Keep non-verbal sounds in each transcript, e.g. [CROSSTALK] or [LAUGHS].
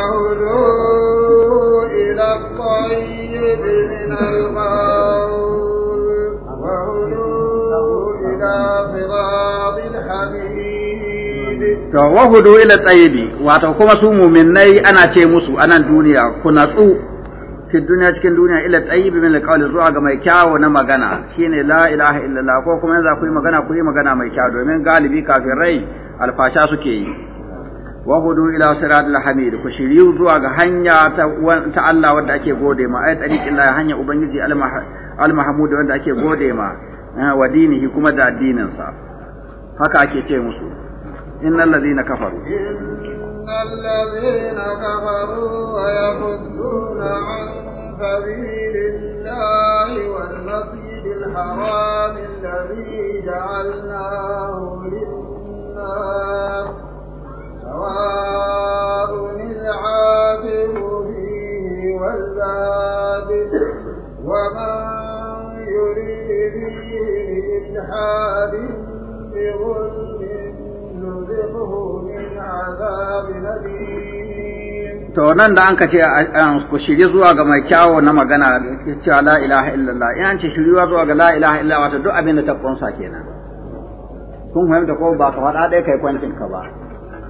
قولوا إلى الطيب to wahudu ila tsayibi wato kuma su muminai ana ce musu a nan duniya ku natsu fi duniya cikin duniya ila tsayibi min alqawli zuwa ga mai kyawo na magana shine la ilaha illallah ko kuma yanzu ku yi magana ku yi magana mai kyawo domin galibi kafirai alfasha suke yi wa hudu ila siratil hamid ku shiryu zuwa ga hanya ta Allah wanda ake gode ma ay tariqin la hanya ubangiji al mahmud wanda ake gode ma eh, wa dinihi kuma da addinin sa haka ake ce musu innal ladina kafaru innal ladina kafaru wa yaquduna an sabilillahi wal masjidil haram alladhi ja'alnahu lin-nas to nan da an ka ce ku shiri zuwa ga mai kyawo na magana cewa la ilaha illallah in an ce shiriwa zuwa ga la ilaha illallah wato duk abin da ta kunsa kenan kun fahimta ko ba ka faɗa ɗaya kai kwancin ka ba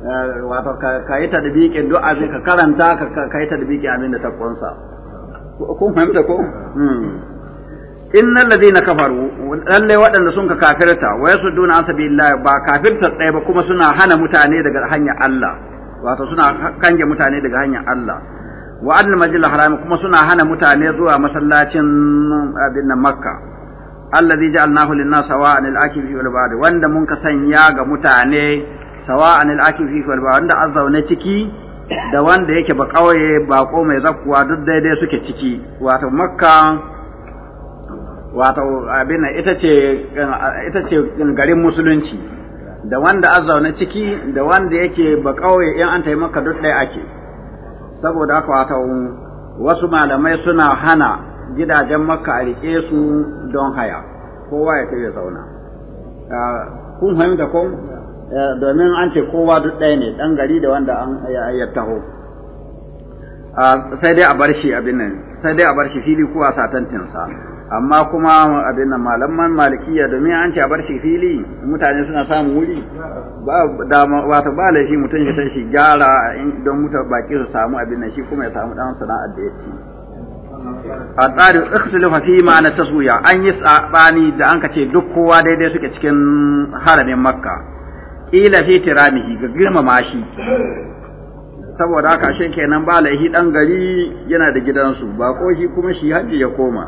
Eh, wato ka yi tadbiqin duk abin ka karanta ka yi tadbiqin abin da ta kunsa kun fahimta ko hmm. innal ladina kafaru lalle waɗanda sun ka kafirta wa yasudduna an sabilillah ba kafirta tsaye ba kuma suna hana mutane daga hanyar Allah wato suna kange mutane daga hanyar Allah wa annal majil haram kuma suna hana mutane zuwa masallacin abin nan makka alladhi ja'alnahu lin-nas sawa'an al akil wal ba'd wanda mun ka sanya ga mutane sawa anil akifi wal ba wanda na ciki da wanda yake ba kauye bako mai zakkuwa duk daidai suke ciki wato makka wato abin ita ce ita ce garin musulunci da wanda na ciki da wanda yake ba kawaye in an tayi makka duk ɗaya ake saboda haka wato wasu malamai suna hana gidajen makka a rike su don haya kowa ya kai ya zauna ah, kun fahimta ko Eh, domin an ce kowa duk ɗaya ne ɗan gari da wanda an ya taho sai dai a bar shi abin nan sai dai a bar shi fili kuwa a satantinsa amma kuma abin nan malaman malikiya domin an ce a bar shi fili mutane suna samun wuri ba wato ba laifi mutum ya tashi gyara don mutum baki su samu abin nan shi kuma ya samu dan sana'ar da ya ci a tsarin ikhtilafa fi ma'ana taswiya an yi tsabani da an ka ce duk kowa daidai suke cikin haramin makka ila fi tiramihi ga girmama shi saboda haka shi kenan ba laihi dan gari yana da gidansu ba ko shi kuma shi hajji ya koma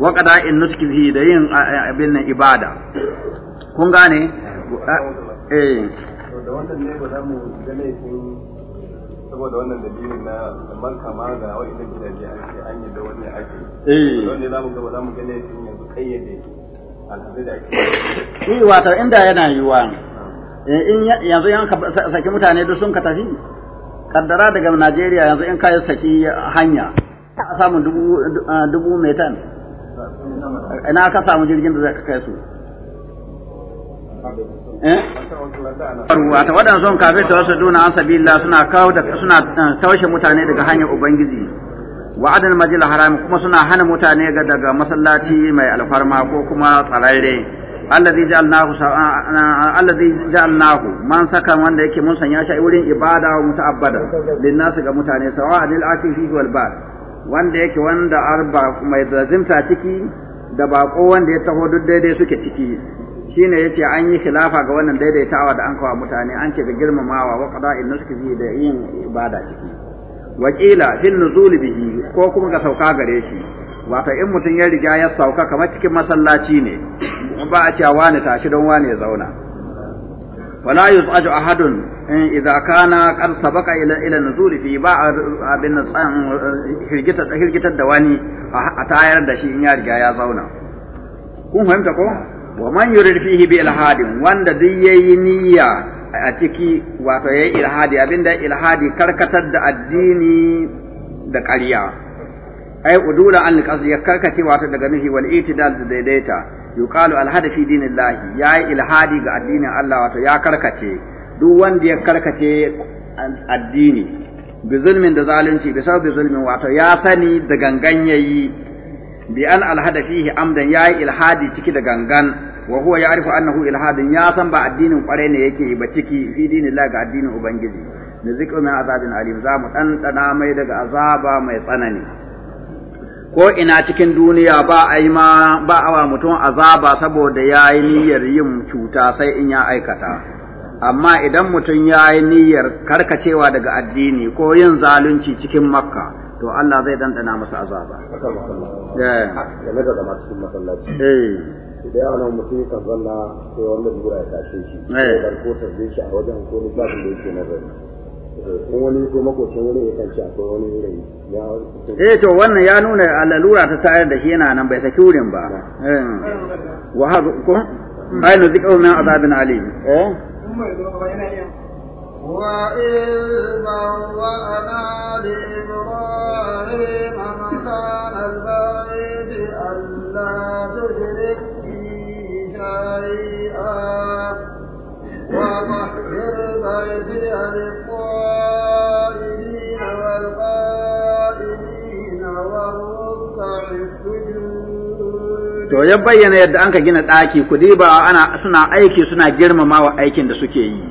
wa qada in fi da yin abin nan ibada kun gane eh da wannan ne ba za mu ga laifin saboda wannan dalilin na man kama ga wa'annan gidaje an an yi da wannan ake eh wannan za mu ga ba za mu ga laifin yanzu kayyade alhamdulillah eh wato inda yana yiwa Eh, in yanzu yan saki mutane duk sun ka tafi kaddara daga Najeriya yanzu in ka saki hanya ka samu dubu eh, dubu metan ina ka samu jirgin da zaka kai su eh ta wadan son kafe ta wasu duna an Allah suna kawo da suna eh, taushe mutane daga hanyar ubangiji wa'adul majil haram kuma suna hana mutane daga masallaci mai alfarma ko kuma tsararre alladhi ja'alnahu alladhi ja'alnahu man saka wanda yake mun sanya shi wurin ibada wa muta'abbada linnasi ga mutane sawa lil afifi wal ba wanda yake wanda arba mai zimta ciki da bako wanda ya taho duk daidai suke ciki shine yace an yi khilafa ga wannan daidaitawa da an kawo mutane an ce da girmamawa wa qada'in nusuki da yin ibada ciki wakila fil nuzul bihi ko kuma ga sauka gare shi wato in mutum ya riga ya sauka kamar cikin masallaci ne ba a cewa wani tashi don wani ya zauna wala yuzaju ahadun in idza kana qad sabaqa ila ila nuzuli fi ba abin tsan hirgitar hirgita da wani a tayar da shi in ya riga ya zauna kun fahimta ko wa man yurid fihi bi ilhadin wanda duk yayi niyya a ciki wato yayi ilhadi abinda ilhadi karkatar da addini da ƙarya ai udula an qasd ya karkace wata daga nufi wal itidal da daidaita yuqalu al hada fi dinillahi yayi ilhadi ga addinin Allah wato ya karkace duk wanda ya karkace addini bi da zalunci bi sabbi zulmin wato ya sani da gangan yayi bi an al hada fihi amdan yayi ilhadi ciki da gangan wa huwa ya'rifu annahu ilhadin ya san ba addinin kwarai ne yake ba ciki fi dinillahi ga addinin ubangiji ne zikru min azabin alim za mu dan dana mai daga azaba mai tsanani ko ina cikin duniya ba a yi ma ba awa mutum azaba saboda ya yi niyyar yin cuta sai in ya aikata amma idan mutum ya yi niyyar karkacewa daga addini ko yin zalunci cikin makka to Allah zai dandana masa azaba game da zama cikin masallaci da yawa nan mutum kan zanna sai wanda lura ya tashe shi eh. ko tarbe shi a wajen ko ni lissafin da yake nazari ko wani ya eh, to wannan ya nuna alalura ta tayar da shi yana nan bai saki wurin ba eh. wa hadu ko ai na zikau min azabin ali eh وإذ بوأنا لإبراهيم مكان to ya bayyana yadda ka gina ɗaki ku ana suna aiki suna girmamawa aikin da suke yi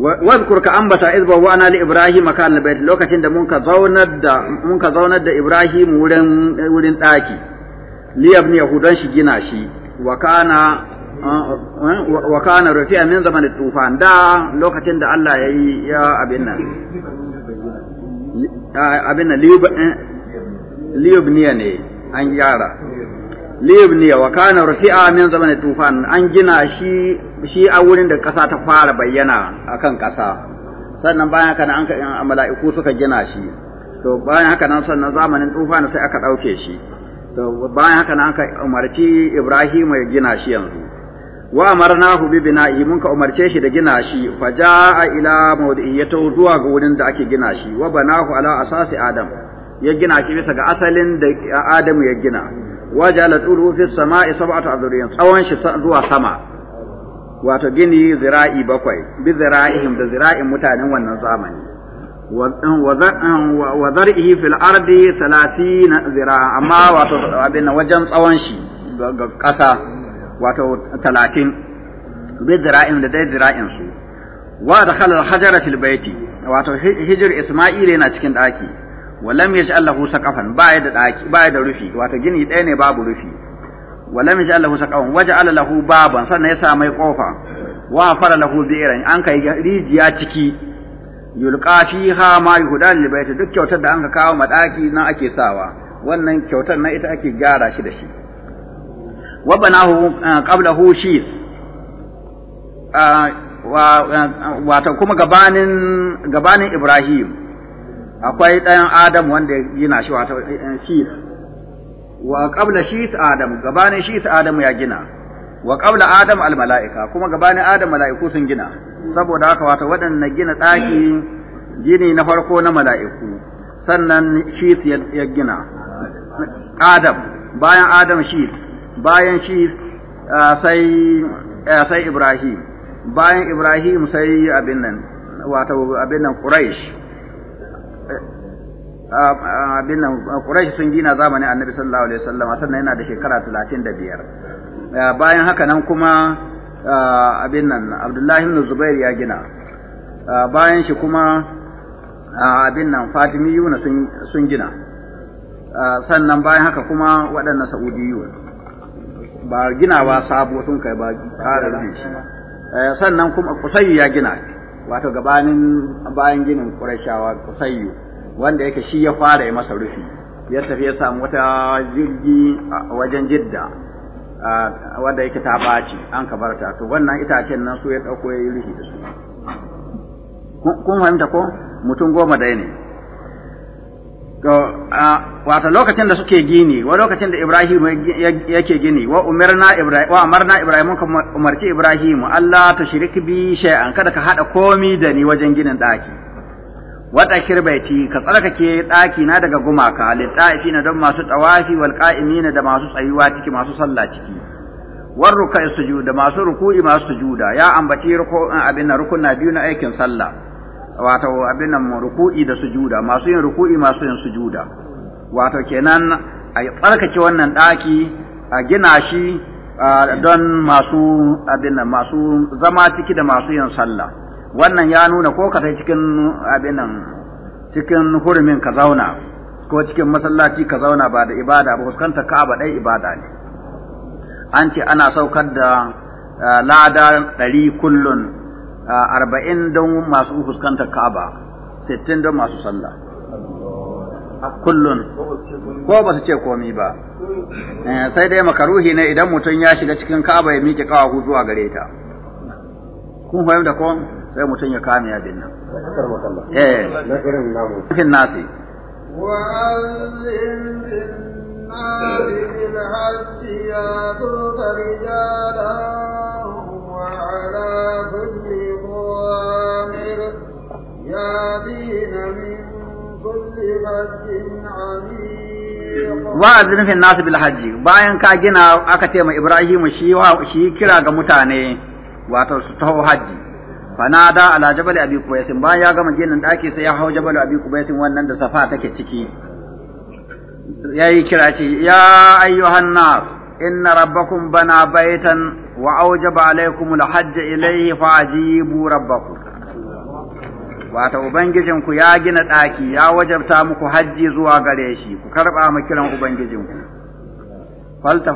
wazkur ka ambata izba wa ana li ibrahim kan bait lokacin da mun ka zaunar da mun ka zaunar da ibrahim wurin wurin ɗaki li yabni yahudan shi gina shi wa kana wa kana rafi'a min zaman tufan da lokacin da Allah ya yi ya abin nan abin nan eh, liyubniya ne an gyara liyubniya wa kana rafi'a min zaman tufan an gina shi shi a wurin da kasa ta fara bayyana akan kasa sannan bayan haka an mala'iku suka gina shi to bayan haka nan sannan zamanin tufan sai aka ɗauke shi to bayan haka nan aka umarci Ibrahim ya gina shi yanzu wa hu bi bina'i mun ka umarce shi da gina shi fa jaa ila mawdi'i ya zuwa ga wurin da ake gina shi wa banahu ala asasi adam ya gina shi bisa ga asalin da adam ya gina wa ja'ala turu fi samai sab'atu adriyan tsawon shi zuwa sama wato gini zira'i bakwai bi zira'ihim da zira'in mutanen wannan zamani wa zar'ihi fil ardi 30 zira'a amma wato abin wajen tsawon shi ga kasa wato talatin bi zira'in da dai zira'in su wa da khalal hajara fil baiti wato hijir isma'ila yana cikin daki walam yaj'al lahu saqafan ba da daki baya da rufi wato gini ɗaya ne babu rufi walam yaj'al lahu saqafan waj'al lahu baban sannan ya sa mai kofa wa fara lahu bi'ran an kai rijiya ciki yulqa fiha ma yuhdan lil baiti duk kyautar da an ka kawo madaki nan ake sawa wannan kyautar na ita ake gyara shi da shi وبناه قبله qablahu wato kuma gabanin gabanin Ibrahim akwai ɗayan Adam wanda gina shi wato shi wa qabla shi Adam gabanin shi Adam ya gina wa qabla Adam al mala'ika kuma gabanin Adam mala'iku sun gina saboda haka wato waɗannan gina tsaki gini na farko na mala'iku sannan shi ya gina Adam bayan Adam shi bayan shi sai Ibrahim bayan Ibrahim sai abin nan wato abin nan Quraysh abin nan Quraysh sun gina zamanin Annabi sallallahu alaihi wasallam sannan yana da shekara 35 bayan haka nan kuma abin nan Abdullahi ibn Zubair ya gina bayan shi kuma abin nan Fatimiyuna sun gina sannan bayan haka kuma waɗannan Saudiyu ba ginawa sabu sun kai ba ƙara rufe shi eh, sannan kuma kusayyu ya gina wato gabanin bayan ginin ƙurashawa kusayyu wanda yake shi ya fara ya masa rufi ya tafi ya samu wata jirgi wajen jidda wanda yake ta ɓaci an ka barta to wannan itacen nan su ya ɗauko ya yi rufi da su kun fahimta ko mutum goma dai ne wato lokacin da suke gini wa lokacin da Ibrahim yake gini wa umarna Ibrahim wa amarna Ibrahim ka umarci Ibrahim Allah ta shirik bi shay'an kada ka hada komi da ni wajen ginin daki wa dakir baiti ka tsarkake daki na daga gumaka na don masu tawafi wal qa'imina da masu tsayuwa ciki masu sallah ciki war ruku'i sujud da masu ruku'i masu sujuda ya ambaci ruku'in abin rukun na biyu na aikin sallah wato abin nan ruku'i da sujuda masu yin ruku'i masu yin sujuda wato kenan a tsarkake wannan daki a gina shi don masu abin nan masu zama ciki da masu yin sallah wannan ya nuna ko ka cikin abin nan cikin hurumin ka zauna ko cikin masallaci ka zauna ba da ibada ba fuskantar ka'aba dai ibada ne an ce ana saukar da lada ɗari kullun Ah, arba'in don masu fuskantar ka'aba sittin don masu sallah kullun ko ba su ce komi ba eh, sai dai makaruhi ne idan mutum ya shiga cikin ka'aba ya miƙe kawahu zuwa gare ta kun fahimta ko sai mutum ya kame ya bin nan eh na nasi بالحج يا wa ala كل أوامر يادين من كل فج wa'azin fi nasu bil bayan ka gina aka ce ma Ibrahimu shi shi kira ga mutane wato su taho hajji fanada ala jabal abi kuwaisin bayan ya gama ginin daki sai ya hau jabal abi kuwaisin wannan da safa take ciki yayi kira ce ya ayyuhan nas inna rabbakum bana baitan wa aujaba alaikum alhajj ilayhi fa'ajibu rabbakum ubangijinku ya gina ɗaki ya wajabta muku hajji zuwa gare shi ku karɓa mu kiran ubangijinku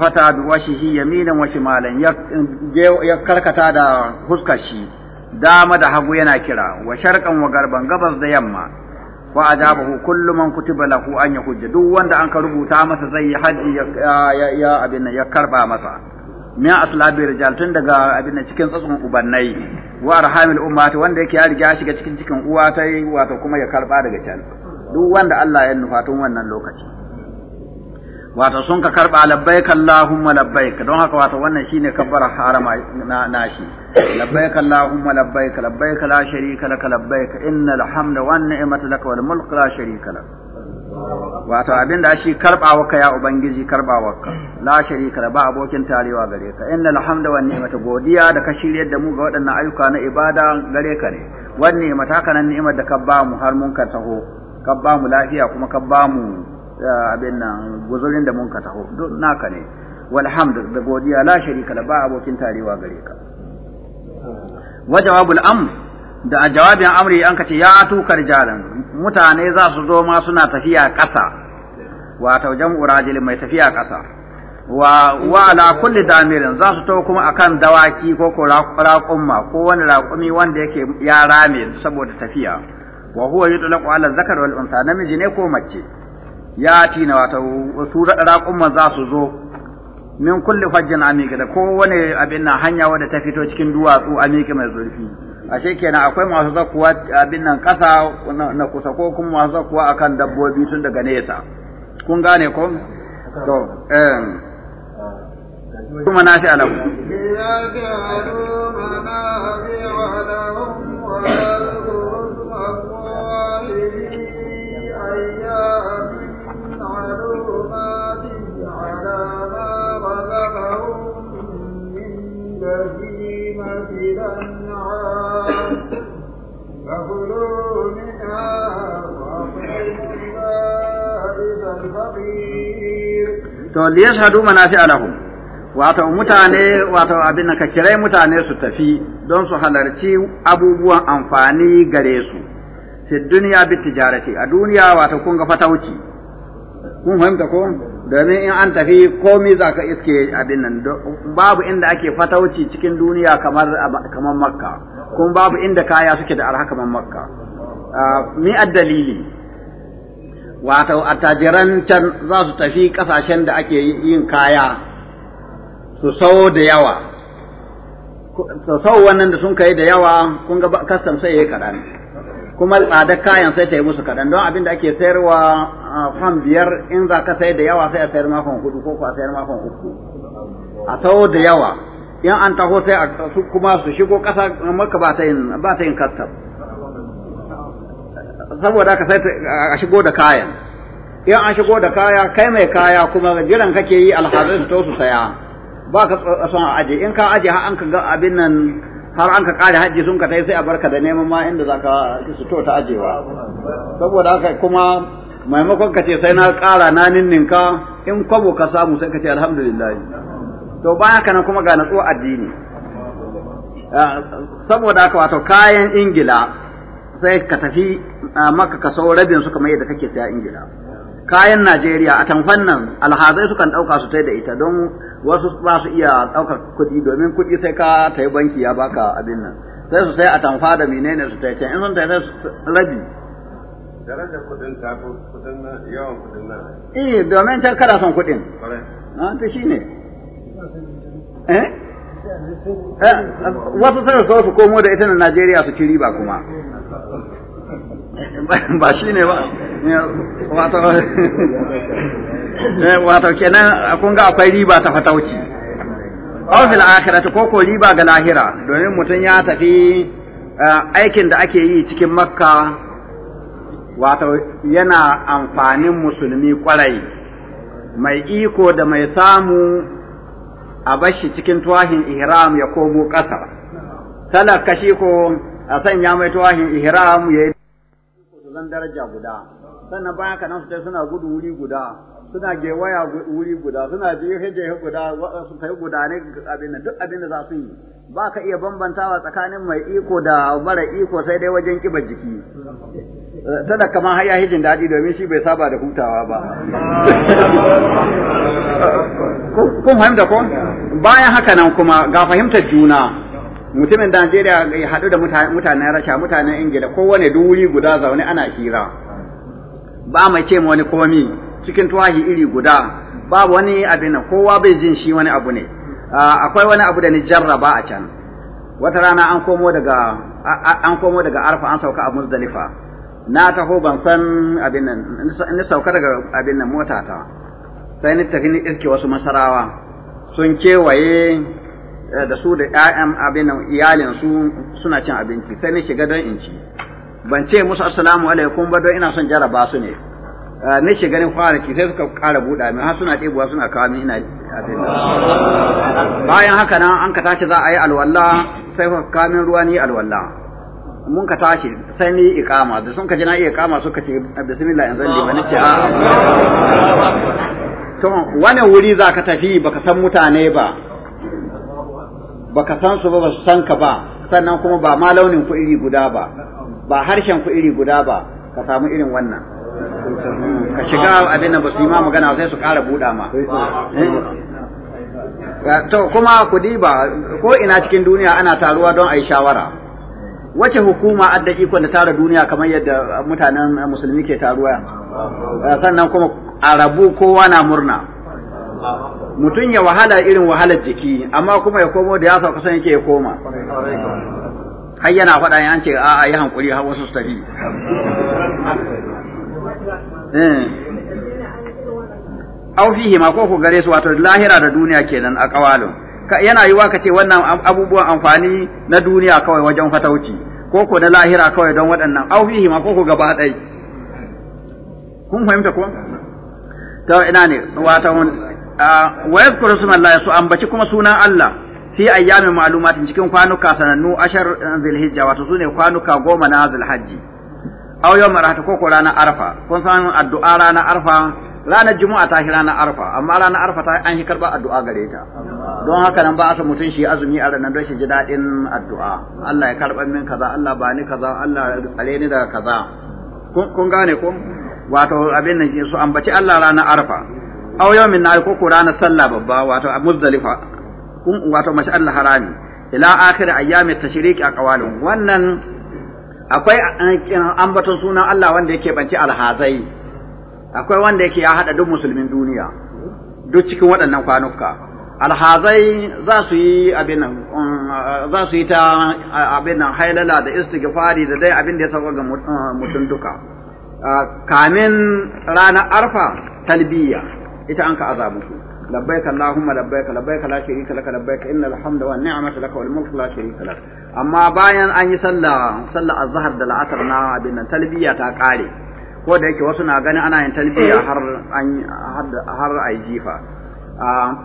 fata bi shi yaminan washi shimalan ya karkata da huskar shi dama da hagu yana kira wa sharqan wa garban gabas da yamma wa ajabahu kullu man kutiba lahu an yahujja duk wanda an ka rubuta masa zai yi hajji ya abin ya karba masa min aslabi rijal tun daga abin cikin tsatsun ubannai wa arhamil ummati wanda yake ya riga shiga cikin cikin uwa ta wato kuma ya karba daga can duk wanda Allah ya nufa tun wannan lokaci wato sun ka karba labbaik allahumma labbaik don haka wato wannan shine kabbara harama na nashi labbaik allahumma labbaik labbaik la sharika lak labbaik innal hamda wan ni'mata lak wal mulk la sharika lak wato abin da shi karbawa ka ya ubangiji karbawa ka la sharika la ba abokin tarewa gare ka inna alhamdu wa ni'mata godiya da ka shiryar da mu ga waɗannan ayyuka na ibada gare ka ne wan ni'mata kana ni'imar da ka ba mu har mun ka taho ka ba mu lafiya kuma ka ba mu eh, abin nan guzurin da mun ka taho duk naka ne walhamdu da godiya la sharika la ba abokin tarewa gare ka wa jawabul amr da a jawabin amri an kace ya tukar jalan mutane za su zo ma suna tafiya ƙasa wato jam'u rajulin mai tafiya ƙasa wa wa ala kulli damirin za su to kuma akan dawaki ko ko raƙumma ko wani raƙumi wanda yake ya rame saboda tafiya wa huwa yutlaqu ala zakar wal unsa namiji ne ko mace ya tina wato su raƙumma za su zo min kulli fajjin amika da wani abin na hanya wanda ta fito cikin duwatsu amika mai zurfi ashe kenan akwai masu zakuwa abin nan ƙasa na kusa ko kuma masu zakuwa akan dabbobi tun daga nesa kun gane ko to eh kuma na shi alamu to liyashhadu manafi'a lahum wato mutane wato abin ka kirai mutane su tafi don su halarci abubuwan amfani gare su fi duniya bi tijarati a duniya wato kun ga fatauci kun fahimta ko domin in an tafi komi za ka iske abin nan babu inda ake fatauci cikin duniya kamar kamar makka kun babu inda kaya suke da arha kamar makka ah, mi dalili wato attajiran can za su tafi kasashen da ake yin kaya su sau da yawa su sau wannan da sun kai da yawa kun ga kastam sai ya yi kaɗan kuma tsadar kayan sai ta yi musu kaɗan don abin da ake sayarwa fan biyar in za ka sai da yawa sai a sayar makon hudu ko a sayar makon uku a sau da yawa in an taho sai a kuma su shigo ƙasa maka ba ta yin kastam saboda ka sai a shigo da kayan in an shigo da kaya kai mai kaya kuma jiran kake yi alhazin to su saya ba ka son aje in ka aje har an ka ga abin nan har an ka kare hajji sun ka tai sai a barka da neman ma inda zaka su to ta ajewa saboda haka kuma maimakon ka ce sai na kara na ninninka in kwabo ka samu sai ka ce alhamdulillah to baya kana kuma ga natsuwa addini ah, saboda haka wato kayan ingila sai ka tafi maka ka sau rabin su kamar yadda kake siya ingila kayan najeriya a tamfan nan alhazai sukan ɗauka su tai da ita don wasu ba su iya ɗaukar kuɗi domin kuɗi sai ka tayi banki ya baka abin nan sai su sai a tamfa da menene su tai can in sun tai sai rabi darajar kuɗin ta kuɗin na yawan kuɗin na eh domin can kada son kuɗin na ta shine eh wasu sai su komo da ita na Najeriya su ci riba kuma [LAUGHS] ba shi ne ba wato [LAUGHS] eh, wato kenan kun ga akwai riba ta fatauci aw fil akhirati ko ko riba ga lahira domin mutum ya tafi eh, aikin da ake yi cikin makka wato yana amfanin musulmi kwarai mai iko da mai samu a bashi cikin tuwahin ihram ya komo ƙasa talaka shi ko a sanya mai tuwahin Ihiram ya yi zan daraja guda sannan bayan ka nan su suna gudu wuri guda suna gewaya wuri guda suna jihe jihe guda su kai guda ne abin duk abin da za su yi ba ka iya bambantawa tsakanin mai iko da mara iko sai dai wajen kiba jiki tada kama har ya jin daɗi domin shi bai saba da hutawa ba [LAUGHS] kun fahimta ko bayan haka nan kuma ga fahimtar juna mutumin Najeriya ya haɗu da mutanen Rasha mutanen Ingila kowane duwuri guda zaune ana hira ba mai ce wani komi cikin tuwahi iri guda ba wani abin kowa bai jin shi wani abu ne akwai wani abu da ni jarraba a can wata rana an komo daga an komo daga Arfa an sauka a Muzdalifa na taho ban san abin nan ni sauka daga abin nan motata sai ni tafi ni iske wasu masarawa sun kewaye Eh, da su da ƴaƴan abin iyalin su suna cin abinci sai ni shiga don in ci ban ce musu assalamu alaikum ba don ina son jaraba su ne eh, ni shiga ni fara ci sai suka ƙara buɗa min har suna ɗebuwa suna kawo min ina abin bayan haka nan an ka tashi za a yi alwala sai ka kawo min ruwa ni alwala mun ka tashi sai ni iqama da sun ka ji na iqama suka ce bismillah in zalli bani ce a'a to wani wuri za ka tafi baka san mutane ba baka san su ba ba su san ka ba sannan kuma ba ma launin ku iri guda ba ba harshen ku iri guda ba ka samu irin wannan hmm, ka shiga abin da ba su yi ma magana sai su ƙara buɗa ma hmm. to kuma ku diba ko ina cikin duniya ana taruwa don a yi shawara wace hukuma adda ikon da tara duniya kamar yadda mutanen musulmi ke taruwa sannan kuma a rabu kowa na murna mutum ya wahala irin wahalar jiki amma kuma ya komo da ya sauka san yake ya koma har yana faɗa ya ce a a yi hankuri har wasu su tafi eh. au fihi ma ko ku gare su wato lahira da duniya kenan a kawalin yana yiwa ka ce wannan abubuwan amfani na duniya kawai wajen fatauci ko ko na lahira kawai don waɗannan au fihi ma ko ku gaba ɗai kun fahimta ko ta ina ne wato Ah, wa yadhkuru Allah su ambaci kuma sunan Allah fi ayyamin ma'lumatin cikin kwanuka sanannu ashar eh, zilhijja wato sune kwanuka goma na zilhajji aw yawm arfa ko ko ranar arfa kun san addu'a ranar arfa ranar juma'a ta ranar arfa amma ranar arfa ta an yi karba addu'a gare ta don haka nan ba a san mutum shi azumi a ranar don shi ji dadin addu'a Allah ya karba min kaza Allah ba ni kaza Allah ya tsare ni daga kaza kun gane ko wato abin nan su ambaci Allah ranar arfa aw yawmin nar ko ko ranar sallah babba wato a muzdalifa wato Allah harami ila akhir ayyami tashriki a qawalin wannan akwai eh, ambaton sunan Allah wanda yake banci alhazai akwai wanda yake ya hada duk musulmin duniya duk cikin waɗannan kwanuka alhazai za su yi abin nan um, za su yi ta abin nan hailala da istighfari da dai abin da ya saka ga eh, mutum duka ah, kamin ranar arfa talbiya ita an ka azabu su labbaik allahumma labbaik labbaik la sharika laka labbaik innal hamda wan ni'mata laka wal mulku la sharika lak amma bayan an yi sallah sallah azhar da la'asar na abin nan talbiya ta kare ko da yake wasu na ganin ana yin talbiya har an har ai jifa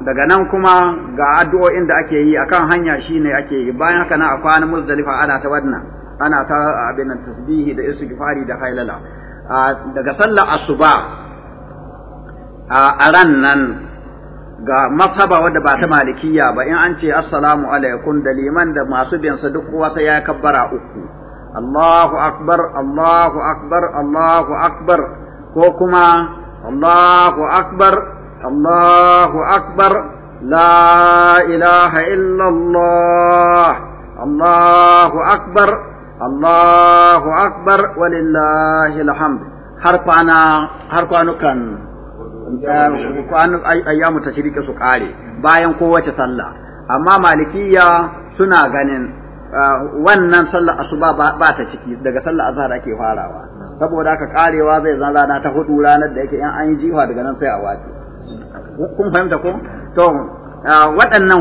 daga nan kuma ga addu'o'in da ake yi akan hanya shine ake yi bayan haka na akwana muzdalifa ana ta wadna ana ta abin nan tasbihi da istighfari da hailala daga sallah asuba a ran nan ga masaba wadda ba ta malikiya ba in an ce assalamu alaikum da liman da masu binsa duk kowa sai ya kabbara uku Allahu akbar Allahu akbar Allahu akbar ko kuma Allahu akbar Allahu akbar la ilaha illallah Allahu akbar Allahu akbar walillahi alhamd har kwana har kwanukan ayyamu shirike su kare bayan kowace sallah amma malikiya suna ganin ah, wannan sallah asuba ba ta ciki daga sallar azhar ake farawa saboda haka karewa zai zan rana ta hudu ranar da yake in an yi jiwa daga nan sai a wace kun fahimta ko to ah, waɗannan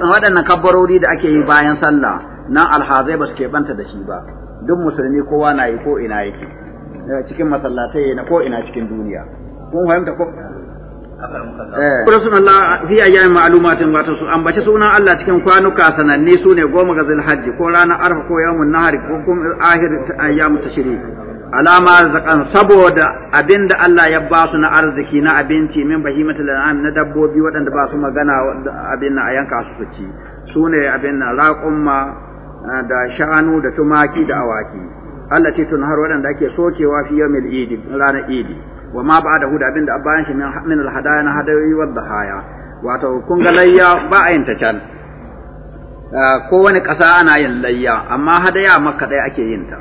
waɗannan kabbarori da ake yi bayan sallah nan alhazai ba su banta da shi ba duk musulmi kowa na yi ko ina yake eh, cikin masallatai na ko ina cikin duniya kun fahimta ko Kursun eh. Allah fi ayyamin ma'lumatin wato su ambaci sunan Allah cikin kwanuka sananni sune goma ga ko ranar Arfa ko yawmun nahari ko kuma ahir ayyamu tashrik alama zakan saboda abinda Allah ya ba su na arziki na abinci min bahimata lan'am na dabbobi waɗanda ba su magana abin na a yanka su su ci sune abin na raƙumma eh, da shanu da tumaki da awaki Allah ce tun har waɗanda ake sokewa fi yawmil idi ranar idi wa ma ba da huda abinda bayan shi min alhadaya na hadayoyi wa dhahaya wato kun ga layya ba a yin ta can ah, ko wani ƙasa ana yin layya amma hadaya makka ɗaya ake yin ta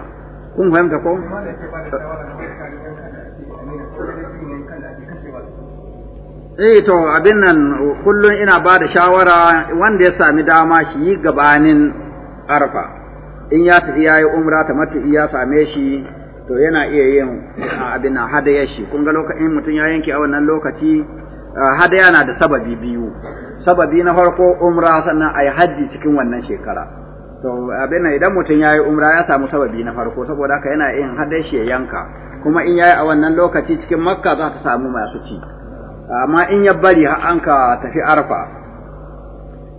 kun fahimta ko eh to abin nan kullum ina ba da shawara wanda ya sami dama shi yi gabanin arfa in ya tafi yayi umra ta mata ya same shi to yana iya yin abin hadaya shi kun ga lokacin mutum ya yanke a wannan lokaci hadaya na da sababi biyu sababi na farko umra sannan a yi cikin wannan shekara to abin idan mutum ya yi umra ya samu sababi na farko saboda haka yana yin hadaya shi ya yanka kuma in ya yi a wannan lokaci cikin makka za ta samu masu ci amma in ya bari an ka tafi arfa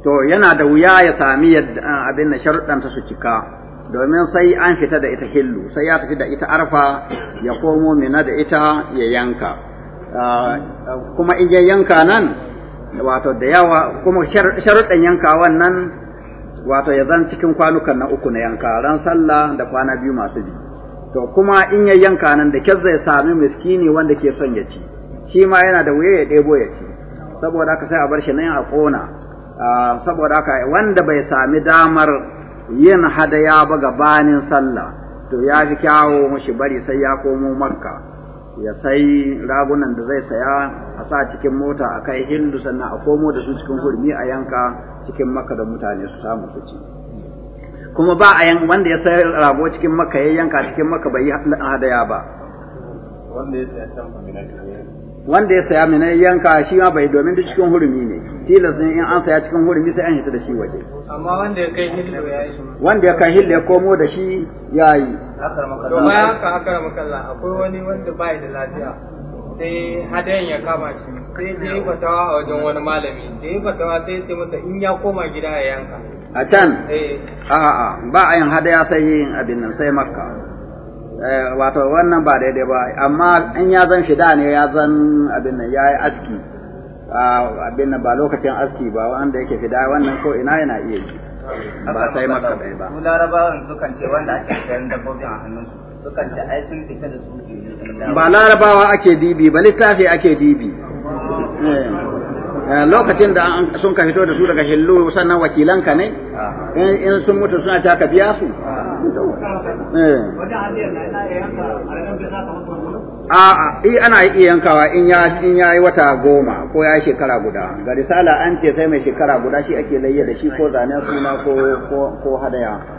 to yana da wuya ya sami abin da ta su cika domin sai an fita da ita hillu sai ya tafi da ita arfa ya komo mina da ita ya yanka ah, kuma in ya yanka nan wato da yawa kuma sharuɗin yankawan nan wato ya zan cikin kwanukan na uku na yanka ran sallah da kwana biyu masu bi to kuma in ya yanka nan da kyar zai sami miskini wanda ke son ya ci shi ma yana da wuya ya ɗebo ya ci saboda haka sai a bar shi nan a ƙona ah, saboda haka wanda bai sami damar yin hadaya ba gabanin sallah to ya fi kyawo mashi bari sai ya komo makka ya sai ragunan da zai saya a sa cikin mota a kai hindu sannan a komo da su cikin hurmi a yanka cikin makka da mutane su samu su ci kuma ba a yan wanda ya sai rago cikin makka ya yanka cikin makka bai yi hadaya ba wanda ya saya mai yanka shi ma bai domin duk cikin hurumi ne tilas ne in an saya cikin hurumi sai an hita da shi waje amma wanda ya kai hille ya yi wanda ya kai hille ya komo da shi ya yi to ma haka haka makalla akwai wani wanda bai da lafiya sai hadayan ya kama shi sai je fatawa a wajen wani malami da ya fatawa sai ce masa in ya koma gida ya yanka a can eh. a'a ba a yin hadaya sai yin abin nan sai makka Eh, wato wannan ba daidai ba amma in ya zan shida ne ya zan abin nan ya yi aski ah, abin nan ba lokacin aski ba wanda yake shida wannan ko ina yana iya yi ba sai maka bai ba mu larabawan sukan ce wanda ake sayan dabbobin a hannun su sukan ce ai sun fita da su ba larabawa ake dibi ba littafi ake dibi oh. eh. Eh, lokacin da sun ka fito da su daga hillu sannan wakilanka ne eh, in sun mutu suna ta ka biya su eh. a ana iya yankawa in ya in yayi wata goma ko ya shekara guda ga risala an ce sai mai shekara guda shi ake layya da shi ko zanen suna ko ko hadaya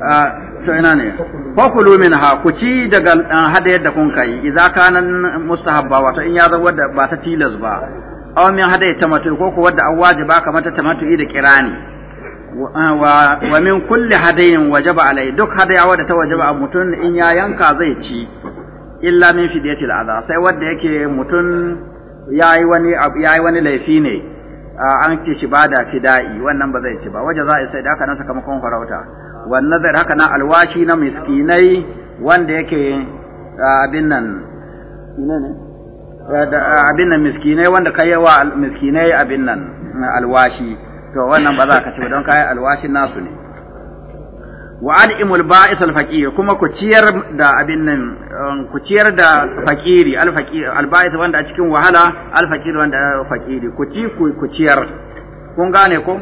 Ah, to ina ne fakulu minha ku ci daga ah, hada yadda kun kai idza kana mustahabba wato in ya zama wadda ba ta tilas ba aw min ta mato ko ko wadda an wajiba kamar ta mato da kirani wa min kulli hadayin wajaba alai duk hadaya wadda ta wajaba a mutum in ya yanka zai ci illa min fidiyatil adha sai wadda yake mutum yayi wani yayi wani laifi ne Ah, an ce shi ba da fida'i wannan ba zai ci ba waje za a sai da haka nan sakamakon farauta wan nazar haka nan alwashi na miskinai wanda yake ah, abin nan eh, ah, abin nan miskinai wanda kai yawa miskinai abin nan alwashi to wannan ba za ka ci ba don kai alwashin nasu ne wa ad'imul ba'is al faqir kuma ku ciyar da abin nan um, ku ciyar da faqiri al ba'is wanda a cikin wahala al faqir wanda faqiri ku ci ku ciyar kun gane ku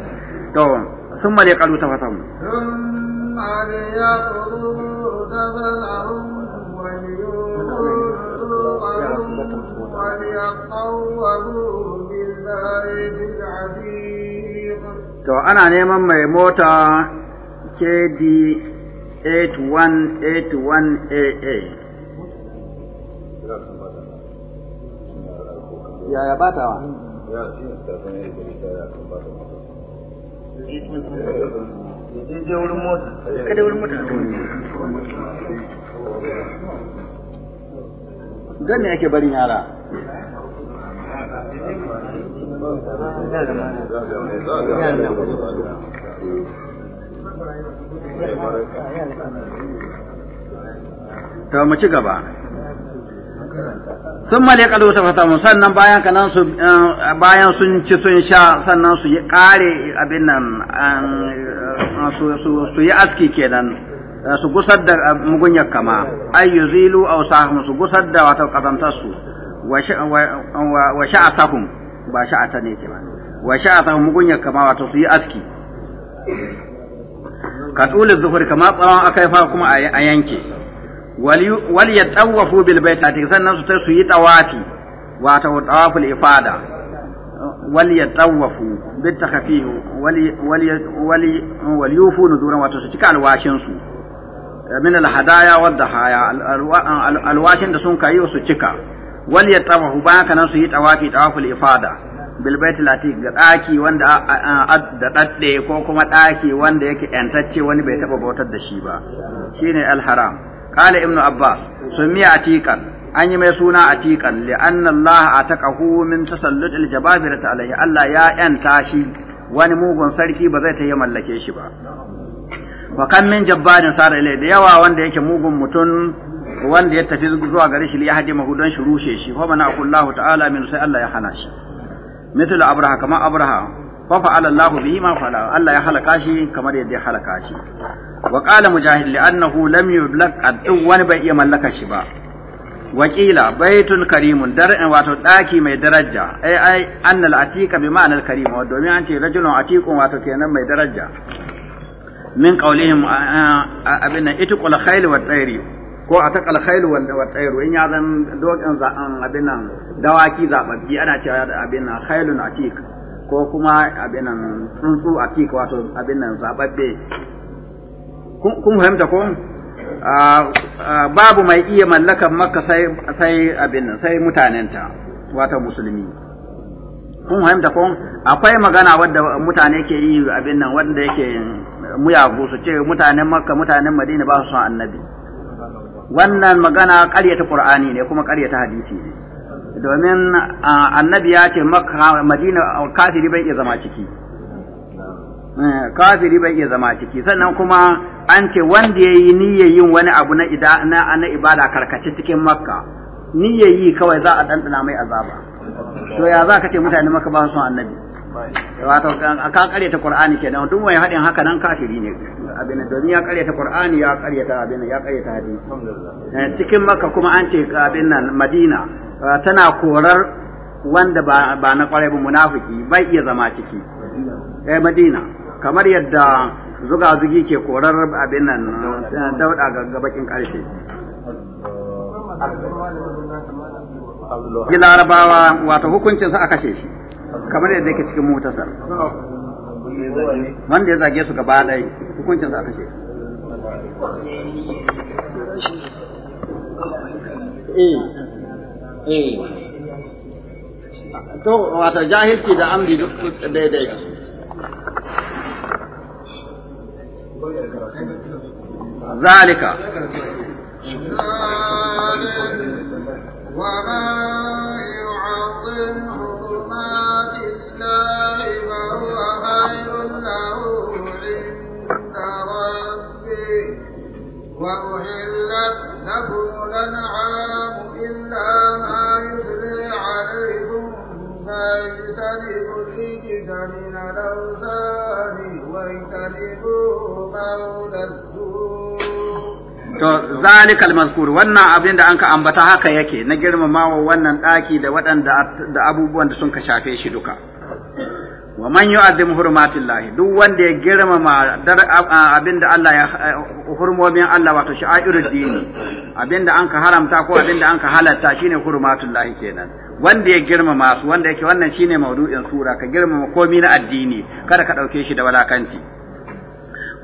to summa li qalu tafatam summa li to ana neman mai mota KD 8181AA. Yaya Ya wurin mota. ake barin yara? Thank you. ta mu ci gaba sun male kado ta fata sannan bayan kanan su eh, bayan sun ci sun sha sannan su yi kare abin nan eh, su yi aski kenan eh, su gusar da mugunyar kama ay yuzilu aw sahum su gusar da wata kazantar su wa sha'atahum ba sha'ata ne ke ba wa sha'atahum mugunyar kama wato su yi aski ka tsuli zuhur kama tsawon aka fa kuma a yanke wal ya tsawafu bil baitati sannan su su yi tawafi wato tawaful ifada wal ya tsawafu bit takhafihu wal wal yufu nuzuran wato su cika alwashin su min al hadaya wad dahaya alwashin da sun kai su cika wal ya tsawafu ba kana su yi tawafi tawaful ifada bilbaiti lati ga ɗaki wanda da ɗaɗɗe ko kuma ɗaki wanda yake ‘yantacce wani bai taɓa bautar da shi ba shine alharam kala ibnu abbas sun miya tiƙan. an yi mai suna atikan li'anna allah ataqahu min tasallutil jababirati alayhi allah ya ‘yanta shi wani mugun sarki ba zai ta yi mallake shi ba wa kan min jabbarin sara ilai da yawa wanda yake mugun mutum wanda ya tafi zuwa gare shi li ya hadi mahudan shi rushe shi fa mana akullahu ta'ala min sai allah ya hana shi mithlu abraha kamar abraha fa fa'ala Allah bihi ma fa'ala Allah ya halaka shi kamar yadda ya halaka shi wa qala mujahid li annahu lam yublaq qad wani bai iya mallaka shi ba wakila qila baitun karimun dar wato daki mai daraja ai ai annal atika bi ma'anal karim wa domin an ce rajulun atiqun wato kenan mai daraja min qawlihim abinna itqul khayl wa tayri ko a ta kalkhail wal tsairu in ya zan dokin zaban abin nan dawaki zababbi ana cewa da abin nan khailun atik ko kuma abin nan tsuntsu atik wato abin nan zababbe kun fahimta ko babu mai iya mallakan makka sai sai abin nan sai mutanenta wato musulmi kun fahimta ko akwai magana wadda mutane ke yi abin nan wanda yake muyagu su ce mutanen makka mutanen madina ba su son annabi wannan magana ƙaryata Qur'ani ne kuma ƙaryata hadisi ne domin annabi ya ce makka madina kafiri bai iya zama ciki eh, kafiri bai iya zama ciki sannan kuma an ce wanda ya yi niyyar yin wani abu na ibada karkace cikin makka niyyar yi kawai za a ɗanɗana mai azaba to ya za ka ce mutane maka ba su annabi wato ka karyata qur'ani kenan duk mai hadin haka nan kafiri ne abin da ya karyata qur'ani ya karyata abin ya karyata hadisi eh, cikin makka kuma an ce abin nan madina eh, tana korar wanda ba na kwarai ba munafiki bai iya zama ciki eh madina kamar yadda zuga zugi ke korar abin nan eh, dauda ga bakin karshe Ji rabawa wato sa aka kashe shi. kamar yadda yake cikin motarsa wanda ya zage su gaba ɗaya hukuncin za ka kashe eh, eh. to wato jahilci da zalika طاعة الله فهو خير عند ربه وأحلت لكم الأنعام إلا ما يتلي عليكم فاجتنبوا الرجس من الأوزان واجتنبوا قول الزور to zalikal mazkur wannan abin da an ka ambata haka yake na girmamawa wannan daki da waɗanda da abubuwan da sun ka shafe shi duka wa man yu'azzim hurmatillahi duk wanda ya girmama dar abin da Allah ya eh, hurmomin Allah wato sha'irud dini abin da ka haramta ko abin da ka halatta shine hurmatullahi kenan wanda ya girmama su wanda yake wannan shine maudu'in sura ka girmama komai na addini kada ka dauke shi da walakanci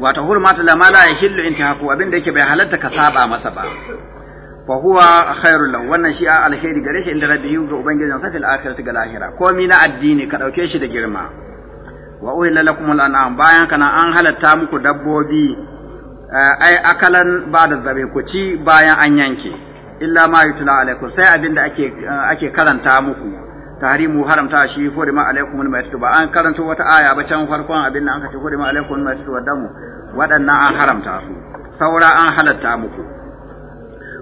wato hurmatul lama la yahillu intihaku abinda yake bai halarta ka saba masa ba fa huwa khairul lahu wannan shi alheri gare shi inda rabbi yuga ubangijin sa fil akhirati ga lahira komai na addini ka dauke shi da girma wa uhilla lakum al an'am bayan kana an halatta muku dabbobi eh, ai akalan ba da zabe ku ci bayan an yanke illa ma yutla alaikum sai abinda ake eh, ake karanta muku tahrimu haramta shi hurima alaikum al maytatu ba an karanto wata aya ba can farkon abin nan aka ce hurima alaikum al maytatu mu wadannan an haramta su saura an halatta muku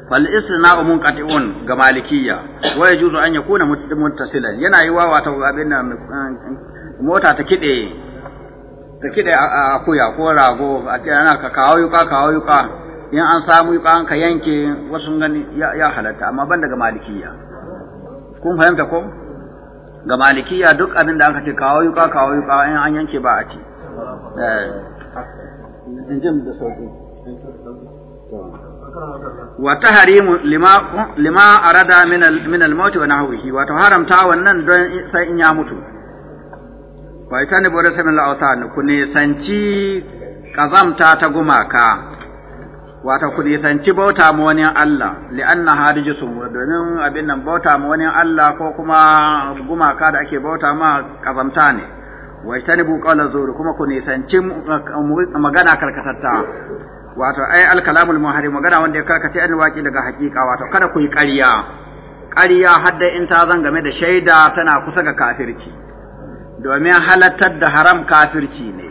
fal istina'u munqati'un ga malikiyya wa yajuzu an yakuna muttasilan yana yi wa wata abin nan uh, mota ta kide ta kide a kuya ko rago a ce ana ka kawo yuka kawo yuka in an samu yuka an ka yanke wasu gani ya halatta amma ban daga malikiyya kun fahimta ko ga malikiya duk abin da aka ce kawo yuka kawo yuka in an yanke ba a ce. Eh. wa ta harimu lima arada min al min al maut wa nahwihi wa haramta wannan don sai in ya mutu wa itani bore sai min al ku ne sanci kazamta ta gumaka wata ku nisanci bauta mu wani Allah li'anna hadiji sun domin abin nan bauta mu wani Allah ko kuma gumaka da ake bauta ma kazamta ne wa istanibu qawla zuru kuma ku nisanci magana karkatatta wato ai al-kalamul magana wanda ya karkace an waki daga hakika wato kada ku yi ƙarya ƙarya hadda in ta zan game da shaida tana kusa ga kafirci domin halattar da haram kafirci ne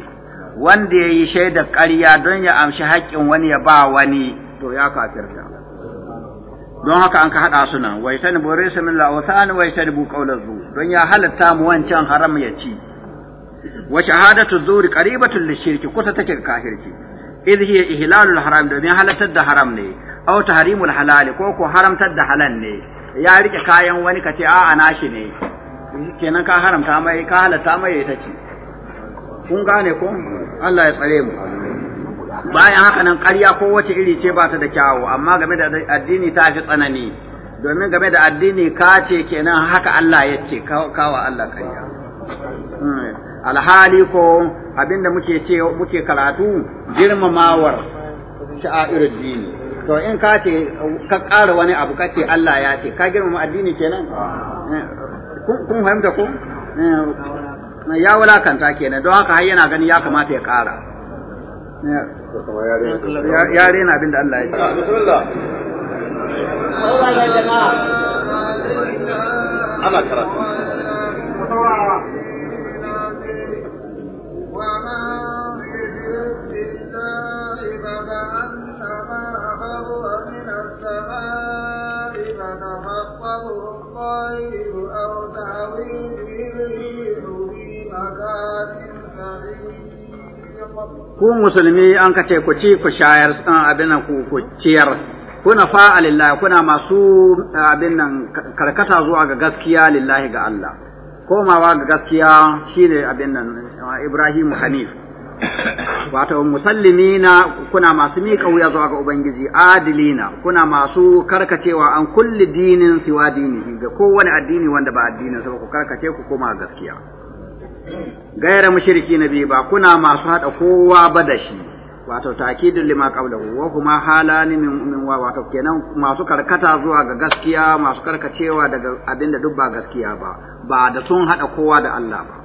wanda ya yi shaidar ƙarya don ya amshi haƙƙin wani ya ba wani to ya da don haka an ka haɗa su nan wai ta nubu risa min ni wai ta nubu ƙaular zu don ya halatta mu wancan haram ya ci wa shahadatu zuri qaribatun lishirki kusa take ga kafirci idh hiya ihlalul haram domin halatar da haram ne aw tahrimul halal ko ko haramtar da halal ne ya rike kayan wani kace a'a nashi ne kenan ka haramta mai ka halatta mai ita ce kun gane ko Allah ya tsare mu bayan haka nan ƙarya ko wace iri ce ba ta da kyawu amma game da addini ta fi tsanani domin game da addini ka ce kenan haka Allah ya ce kawa Allah ƙarya hmm. alhali ko abinda muke ce muke karatu girmamawar sha'irul to in ka ce ka ƙara wani abu ka ce Allah ya ce ka girmama addini kenan ah. eh, kun fahimta ko eh, ya wulakanta kenan don haka har yana gani ya kamata ya ƙara ya rena abin da Allah ya ce ana karatu فنفقه أو تهوي به الريح ku musulmi an kace ku ci ku shayar ah, abin ku ku ciyar kuna fa'a lillahi kuna masu ah, abin nan karkata zuwa ga gaskiya lillahi ga Allah komawa ga gaskiya shine abin nan ah, Ibrahim Hanif wato musallimina kuna masu miƙa wuya zuwa ga Ubangiji adilina kuna masu karkacewa an kulli dinin siwa dinihi ga kowane addini wanda ba addinin sa ku karkace ku koma gaskiya gaira shirki na biyu ba kuna masu haɗa kowa ba da shi wato takidin lima qablahu wa kuma hala min min wa wato kenan masu karkata zuwa ga gaskiya masu karkacewa daga abinda duk ba gaskiya ba ba da sun hada kowa da Allah ba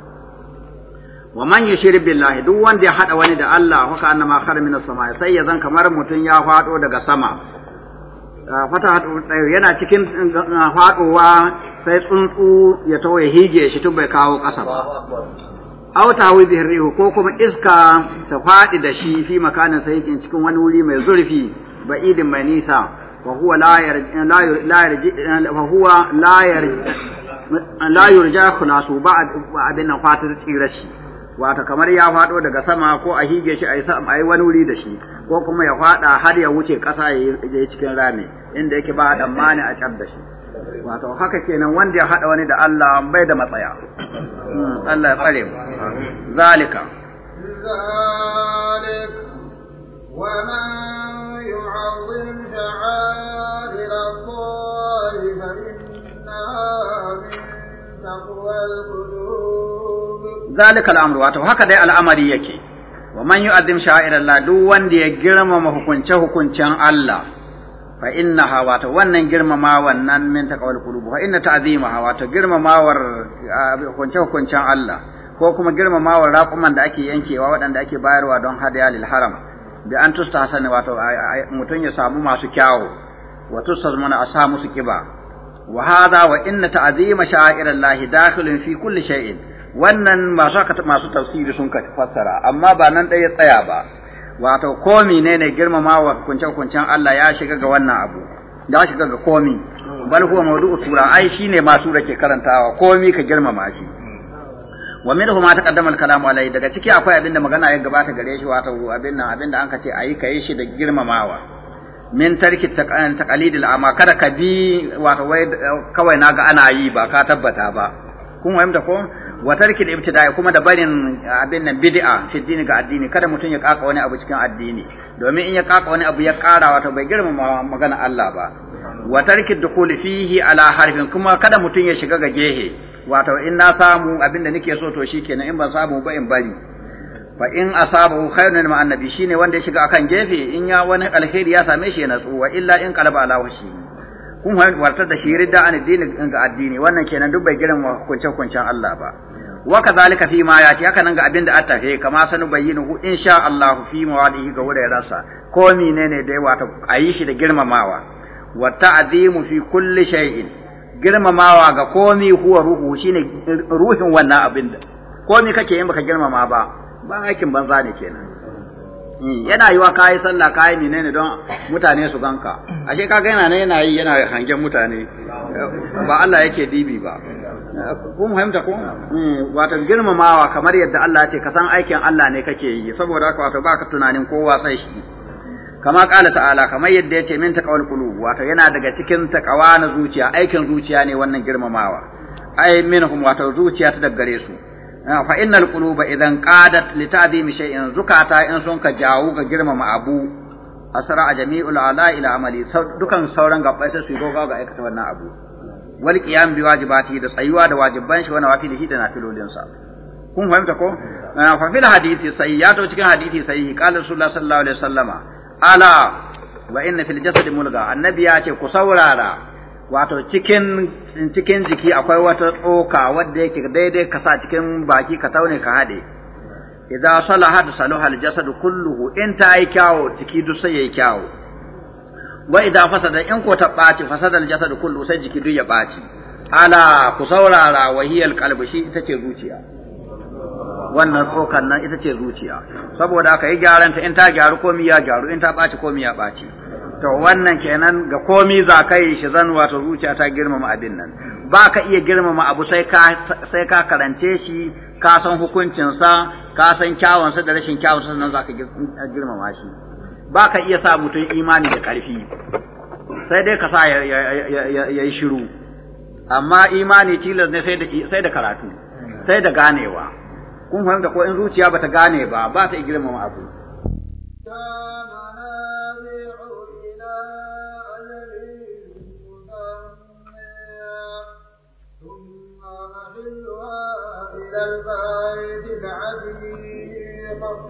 wa man yushrik billahi duk wanda ya hada wani da Allah haka annama khara min as sai ya zan kamar mutun ya fado daga sama Ah, eh, yana cikin eh, ah, faɗowa sai tsuntsu ya taho ya hige shi tun bai kawo ƙasa ba aw tawi rihu ko kuma iska ta faɗi da shi fi makanin sayyikin cikin wani wuri mai zurfi ba idin mai nisa wa huwa la yarji su ba abin nan fatar tsira shi wato kamar ya faɗo daga sama ko a hige shi a yi wani wuri da shi ko kuma ya faɗa har ya wuce ƙasa ya yi cikin rami inda yake ba a mani a cab da shi wato haka kenan wanda ya haɗa wani da Allah bai da matsaya hmm, Allah ya tsare mu zalika wa man yu'azzim zalika al'amru wato haka dai al'amari yake wa man yu'azzim sha'irallah duk wanda ya girmama hukunce hukuncen Allah fa ha wato wannan girmama wannan min taqawul qulub fa inna ha wato girmamawar hukunce hukuncen Allah ko kuma girmamawar raƙuman da ake yankewa waɗanda ake bayarwa don hadiya lil haram bi an tusta hasani wato mutum ya samu masu kyawu wa tusta mana a sa musu kiba wa hadha wa inna ta'zima sha'irallahi dakhilun fi kulli shay'in wannan masu tafsiri sun ka fassara amma ba nan ɗaya tsaya ba wato ko menene girmamawa kunce kuncen Allah ya shiga ga wannan abu da shiga ga komi bal huwa mawdu'u sura ai shine ma sura ke karantawa komi ka girmama shi wa minhu ma taqaddama al-kalamu alai daga ciki akwai abinda magana ya gabata gare shi wato abin nan abinda an ka ce ayi kai shi da girmamawa min tarki taqalid al-ama kada ka bi wato wai kawai naga ana yi ba ka tabbata ba kun fahimta ko wa tarkil da ibtida'i kuma da barin eh, abin nan bid'a fi dini ga addini kada mutum ya kaka wani abu cikin addini domin in ya kaka wani abu ya kara wato bai girmama magana Allah ba wa tarkil dukul fihi ala harfin kuma kada mutum ya shiga ga gehe wato in na samu abin da nake so to shikenan in ban samu ba in bari fa in asabu khairun min annabi shine wanda ya shiga akan gefe in ya wani alheri ya same shi ya natsu wa illa in qalba ala washi kun wartar da shi ridda an addini ga addini wannan kenan duk bai girmama hukunce-hukuncen Allah ba wa kadhalika fi ma yati haka nan ga abinda a tafe kama sanu bayyinu insha Allah fi mawadihi ga rasa ko menene da wato ayi shi da girmamawa wa ta'zimu fi kulli shay'in girmamawa ga komi huwa ruhu shine ruhin wannan abin da komi kake yin baka girmama ba ba aikin banza ne kenan hmm, yana yi wa kayi sallah kayi ne ne don mutane su ganka ashe kaga yana ne yana yi yana hangen mutane ba Allah yake dibi ba mu fahimta ko hmm, wato girmamawa kamar yadda Allah ya ce ka san aikin Allah ne kake yi saboda haka wato baka tunanin kowa sai shi kama kala ta'ala kamar yadda ya ce min taqawul qulub wato yana daga cikin taqawa na zuciya aikin zuciya ne wannan girmamawa ai minhum wato zuciya ta daga gare su ah, fa innal quluba idan qadat li ta'zimi shay'in zukata in sun ka jawo ga girmama abu asra jami'ul ala ila amali dukan sauran gaba sai su yi dogawa ga aikata wannan abu wal qiyam bi wajibati da tsayuwa da wajibban shi wani wafi da nafilolin sa kun fahimta ko ah, fa fil hadisi sai ya to cikin hadisi sai qala rasulullah sallallahu alaihi wasallama ala wa inna fil jasad mulga annabi ya ce ku saurara wato cikin cikin jiki akwai wata tsoka wadda yake daidai ka sa cikin baki ka taune ka hade idza salaha salaha al jasad kulluhu in ta yi kyawo ciki duk sai yayi kyawo wa idza fasada in ko ta ɓaci fasada al-jasad kullu sai jiki duk ya ɓaci ala ku saurara wa hiya al shi ita ce zuciya wannan tsokan nan ita ce zuciya saboda haka yi gyaran ta in ta gyaru komi ya gyaru in ta ɓaci komi ya ɓaci to wannan kenan ga komi za ka shi zan wato zuciya ta girmama abin nan ba ka iya girmama abu sai ka sai ka karance shi ka san hukuncinsa ka san kyawunsa da rashin kyawunsa nan za ka girmama shi ba ka iya sa mutum imani da ƙarfi sai dai ka sa ya yi shiru amma imani tilas ne sai da karatu sai da ganewa kun fahimta ko in zuciya bata gane ba ba ta girmama abu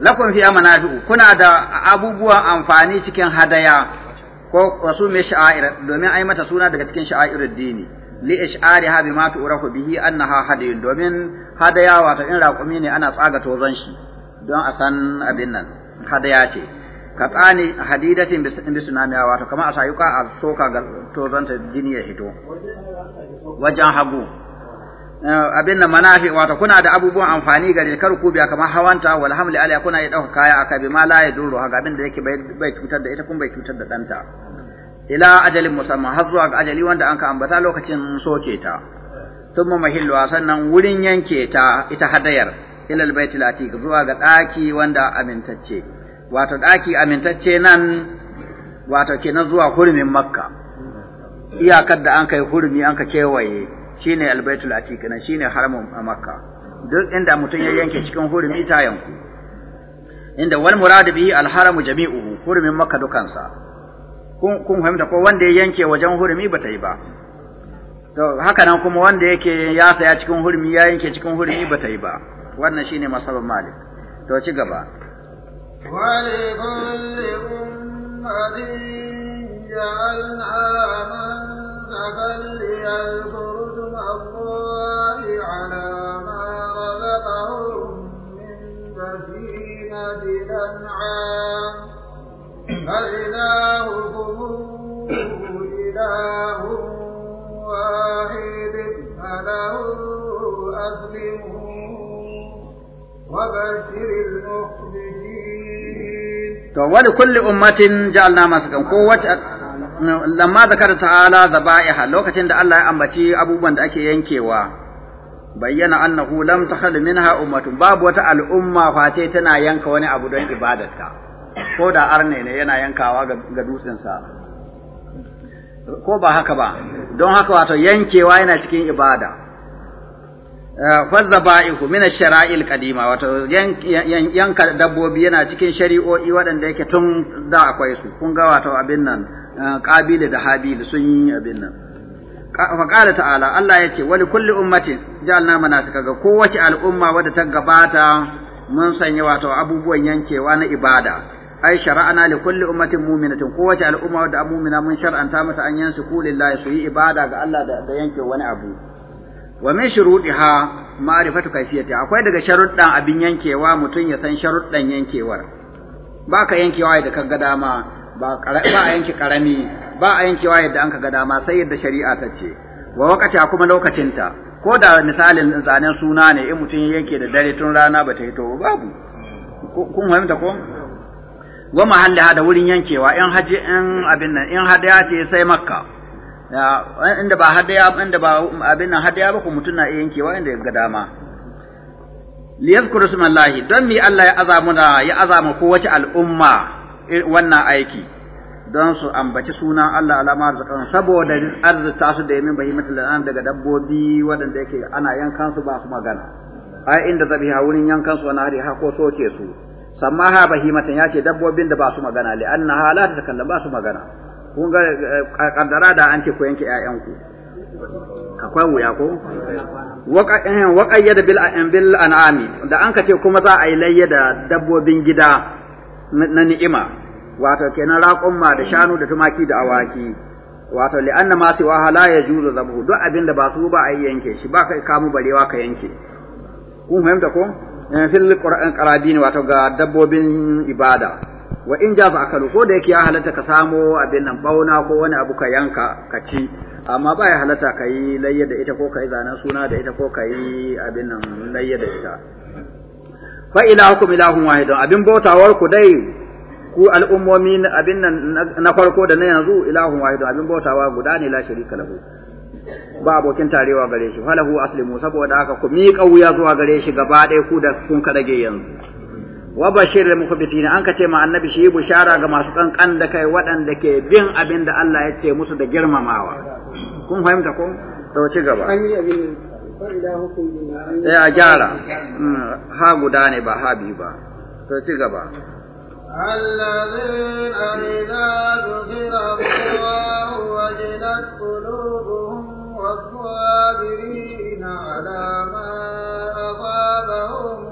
Lakon fi amana kuna da abubuwan amfani cikin hadaya ko wasu mai sha'air domin ai mata suna daga cikin sha'airar dini li ish'ari ha bima tu'rafu bihi annaha hadayun domin hadaya wato in raƙumi ne ana tsaga tozon shi don a san abin nan hadaya ce ka tsani hadidatin bi sunami wato kamar a sayuka a soka ga tozon ta jini ya hito wajen hagu Eh, abin nan manafi wato kuna da abubuwan amfani gare kar ku biya kamar hawanta wal hamli kuna yi dauka kaya aka bi ma la ya duru haka abin da yake bai cutar da ita kun bai cutar da danta ila ajalin musamman har zuwa ga ajali wanda an ka ambata lokacin soke ta thumma mahilluha sannan wurin yanke ta ita hadayar ilal baitul atiq zuwa ga daki wanda amintacce wato daki amintacce nan wato kenan zuwa hurumin makka iyakar da an kai hurumi an ka kewaye shine albaitul atiq nan shine haramun a makka duk inda mutum ya yanke cikin hurumi ta yanku inda wal murad bihi al haramu jami'uhu hurumin makka dukansa kun kun fahimta ko wanda ya yanke wajen hurumi bata yi ba to haka nan kuma wanda yake ya saya cikin hurumi ya yanke cikin hurumi bata yi ba wannan shine masabin malik to ci gaba ولكل أمة جعلنا من ليذكروا اللَّهِ عَلَىٰ مَا رَزَقَهُم مِّن بَهِيمَةِ الْأَنْعَامِ ۗ فَإِلَٰهُكُمْ إِلَٰهٌ وَاحِدٌ ۖ فَلَهُ أَسْلِمُوا وَبَشِّرِ المخبتين ولكل أمة جعلنا ummatin قوة lamma zakar ta'ala zaba'iha lokacin da Allah ya ambaci abubuwan da ake yankewa bayyana annahu lam takhal minha ummatun babu wata al'umma face tana yanka wani abu don ibadarta ko da arne ne yana yankawa ga dutsen sa ko ba haka ba don haka wato yankewa yana cikin ibada Eh, fazzaba'ihu min ash-shara'il qadima wato yanka dabbobi yana cikin shari'o'i waɗanda yake tun da akwai su kun ga wato abin nan eh, qabila da habil sun yi abin nan fa qala ta'ala Allah yace wa li kulli ummatin ja'alna manasika ga kowace al'umma wadda ta gabata mun sanya wato abubuwan yankewa na ibada ai shara'ana li kulli ummatin mu'minatin kowace al'umma wadda mu'mina mun shar'anta mata an yansu kulillahi su yi ibada ga Allah da yanke wani abu wa min shurutiha ma'rifatu kayfiyati akwai daga sharuddan abin yankewa mutum ya san sharuddan yankewar ba ka yankewa yadda ka ga dama ba a yanke karami ba a yankewa yadda an ka ga dama sai yadda shari'a ta ce wa wakati kuma lokacinta ko da misalin zanen suna ne in mutum ya yanke da dare tun rana ba ta hito babu kun fahimta ko wa mahalli da wurin yankewa in haji in abin nan in hada ya ce sai makka inda ba hadaya inda ba abin nan hadaya ba ku mutum na iya yankewa inda ya ga dama liyazkuru smallahi don mi Allah ya azamuna ya azama kowace al'umma wannan aiki don su ambaci sunan Allah alama arzikan saboda arzita su da yamin bahimatul an'am daga dabbobi waɗanda yake ana yankan su ba su magana ai inda zabiha wurin yankan su wani hari ha ko soke su sama ha bahimatan yace dabbobin da ba su magana li annaha da tatakallamu ba su magana kun ga eh, kaddara da an ce ku yanke ƴaƴanku akwai wuya ko waƙayyada eh, bil eh, bil an'ami da an ka ce kuma za a yi layya da dabbobin gida na ni'ima wato kenan raƙumma da shanu da tumaki da awaki wato anna ma siwa ya juzu zabu duk abin da ba su ba a yanke shi ba kai kamu barewa ka yanke kun fahimta ko fil qur'an qarabin wato ga dabbobin ibada wa in ja ba akalu ko da yake ya halatta ka samo abin nan bauna ko wani abu ka yanka ka ci amma ba ya halatta ka yi layya da ita ko ka yi zanen suna da ita ko ka yi abin nan layya da ita fa ilahukum ilahun wahidun abin bautawar ku dai ku al'ummomi abin nan na farko da na yanzu ilahun wahidun abin bautawa guda ne la sharika lahu ba abokin tarewa gare shi falahu aslimu saboda haka ku miƙa wuya zuwa gare shi gaba ɗaya ku da kun ka rage yanzu wa bashir lil mukhbitin an kace ma annabi shi bushara ga masu kankan da kai waɗanda ke bin abin da Allah ya ce musu da girmamawa kun fahimta ko to ci gaba eh a gyara mm, ha guda ne ba ha biyu ba to ci gaba الذين إذا ذكر الله وجلت قلوبهم والصابرين على ما أصابهم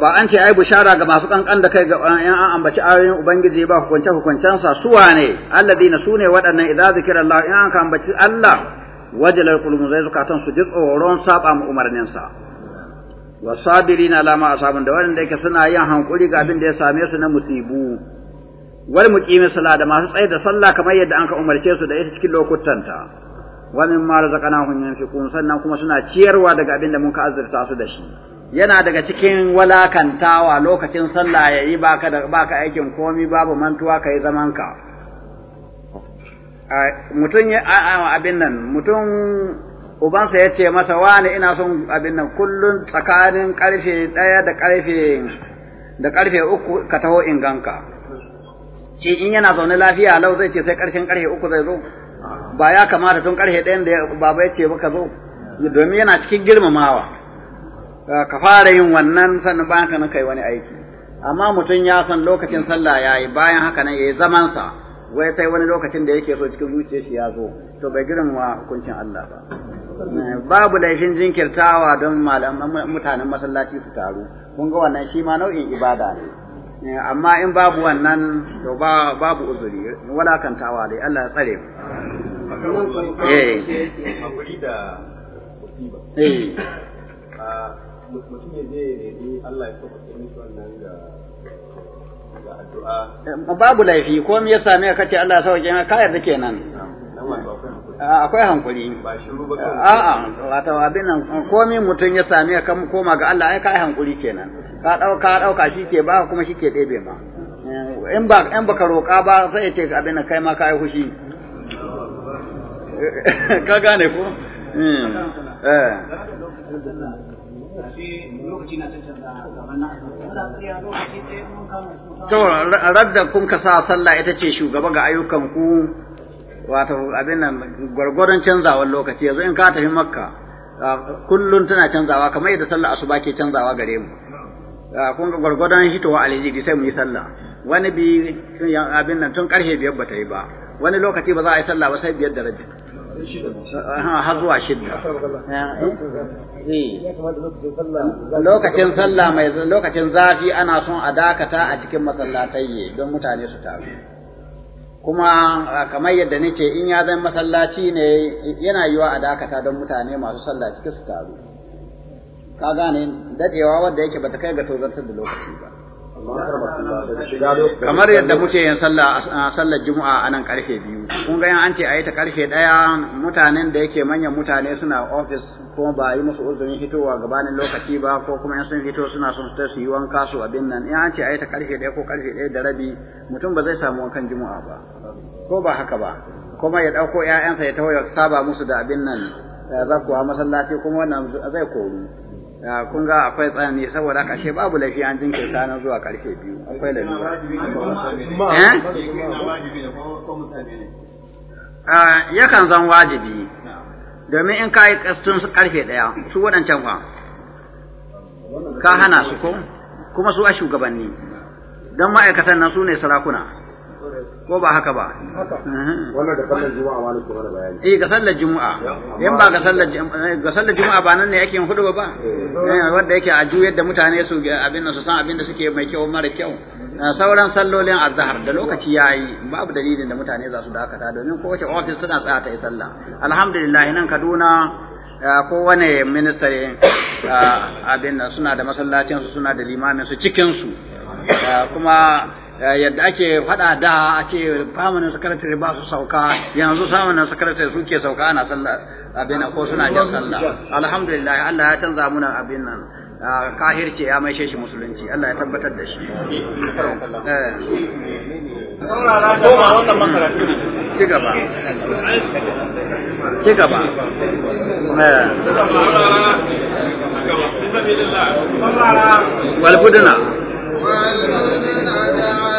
ba an ce ai bushara ga masu kankan da kai ga an ambaci ayoyin ubangiji ba hukunce hukuncensa su wane alladina su ne waɗannan idza zikira Allah in an ambaci Allah wajala qulubun zai su ji tsoron saba mu umarnin sa wa sabirina ala ma asabun da wanda yake suna yin hankuri ga abin da ya same su na musibu wal muqimi sala da masu tsaye da sallah kamar yadda an ka umarce su da ita cikin lokutan ta wa mimma razaqnahum yanfiqun sannan kuma suna ciyarwa daga abin da mun ka azurta su da shi yana daga cikin walakantawa lokacin sallah ya yi baka da baka aikin komi babu mantuwa ka yi zamanka mutum ya abin nan mutum ubansa ya ce masa wani ina son abin nan kullum tsakanin karfe ɗaya da karfe da karfe uku ka taho inganka shi in yana zaune lafiya lau zai ce sai karshen karfe uku zai zo ba ya kamata tun karfe ɗayan da baba ya ce ka zo domin yana cikin girmamawa Ah, ka fara yin wannan sannan bayan ka nan kai wani aiki amma mutum ya san lokacin sallah yayi bayan haka nan yayi zaman sa wai sai wani lokacin da yake so cikin zuciyar shi ya zo to bai girin wa hukuncin Allah ba babu laifin jinkirtawa don malaman mutanen masallaci su taru kun ga wannan shi ma nau'in ibada ne eh, amma in babu wannan to ba babu uzuri wala dai Allah ya tsare mu eh. da musiba eh ah, mutum ya je ya nemi Allah ya sauƙaƙe mishi wannan da eh, babu laifi ko me yasa ne ka ce Allah ya sauke maka ka yarda kenan akwai hankuri a'a ah, ah, ah, wato abin nan komai mutum ya same ka koma ga Allah ai kai hankuri kenan ka dauka dauka shike ba kuma shike debe ma eh, in ba in baka roka ba sai ya ce abin nan kai ma kai hushi [LAUGHS] ka gane ko hmm. eh to radda kun ka sa sallah ita ce shugaba ga ayyukan ku wato abin nan gwargwaron canzawar lokaci yanzu in ka tafi makka kullun tana canzawa kamar yadda sallah asuba ke canzawa gare mu kun ga gwargwaron hitowa alijiri sai mu yi sallah wani bi abin nan tun karfe biyar ba ta yi ba wani lokaci ba za a yi sallah ba sai biyar da rabi har zuwa shidda Eh. lokacin sallah mai lokacin zafi ana son a dakata a cikin masallatai don mutane su taru kuma kamar yadda nace in ya zan masallaci ne yana yiwa a dakata don mutane masu sallah cikin su taru ka gane dadewa wanda yake bata kai ga tozartar da lokaci ba kamar yadda muke yin sallar juma'a a nan karfe biyu kun ga an ce a yi ta karfe daya mutanen da yake manyan mutane suna ofis ko ba yi musu uzurin hitowa gabanin lokaci ba ko kuma in sun fito suna son su su yi wanka su abin nan in an ce a yi ta karfe daya ko karfe daya da rabi mutum ba zai samu wankan juma'a ba ko ba haka ba kuma ya ɗauko 'ya'yansa ya taho ya saba musu da abin nan eh, zakuwa masallaci kuma wannan zai koru Ah, kun ga akwai tsanani saboda haka babu lafi an jinkirta na zuwa karfe biyu akwai eh? ah, ya kan zan wajibi domin in ka yi kastun karfe ɗaya su waɗancan fa ka hana su ko kuma su a shugabanni don ma'aikatan nan su ne sarakuna ko ba haka ba wannan ga sallar juma'a ma nake bayani eh ga sallar juma'a in ba ga sallar eh, ga sallar juma'a ba nan ne yake hudu ba eh. Eh, wanda yake a juyar da mutane su abin nan su san abin da suke mai kyau mara kyau sauran sallolin azhar da lokaci yayi babu dalilin da mutane za su dakata domin kowace office suna tsaya ta yi sallah alhamdulillah nan Kaduna kowane ministry abin suna da masallacin su suna da limamin su cikin su kuma Eh, yadda ake faɗa da a ce famanin sakaratar ba su sauka yanzu samanin su suke sauka ana sallah abin ko suna jan sallah alhamdulillah Allah ya canza muna abin nan ah, kahir ce ya maishe shi musulunci Allah ya tabbatar da shi eh. ci gaba ci gaba eh. walbuduna وعلى من عدا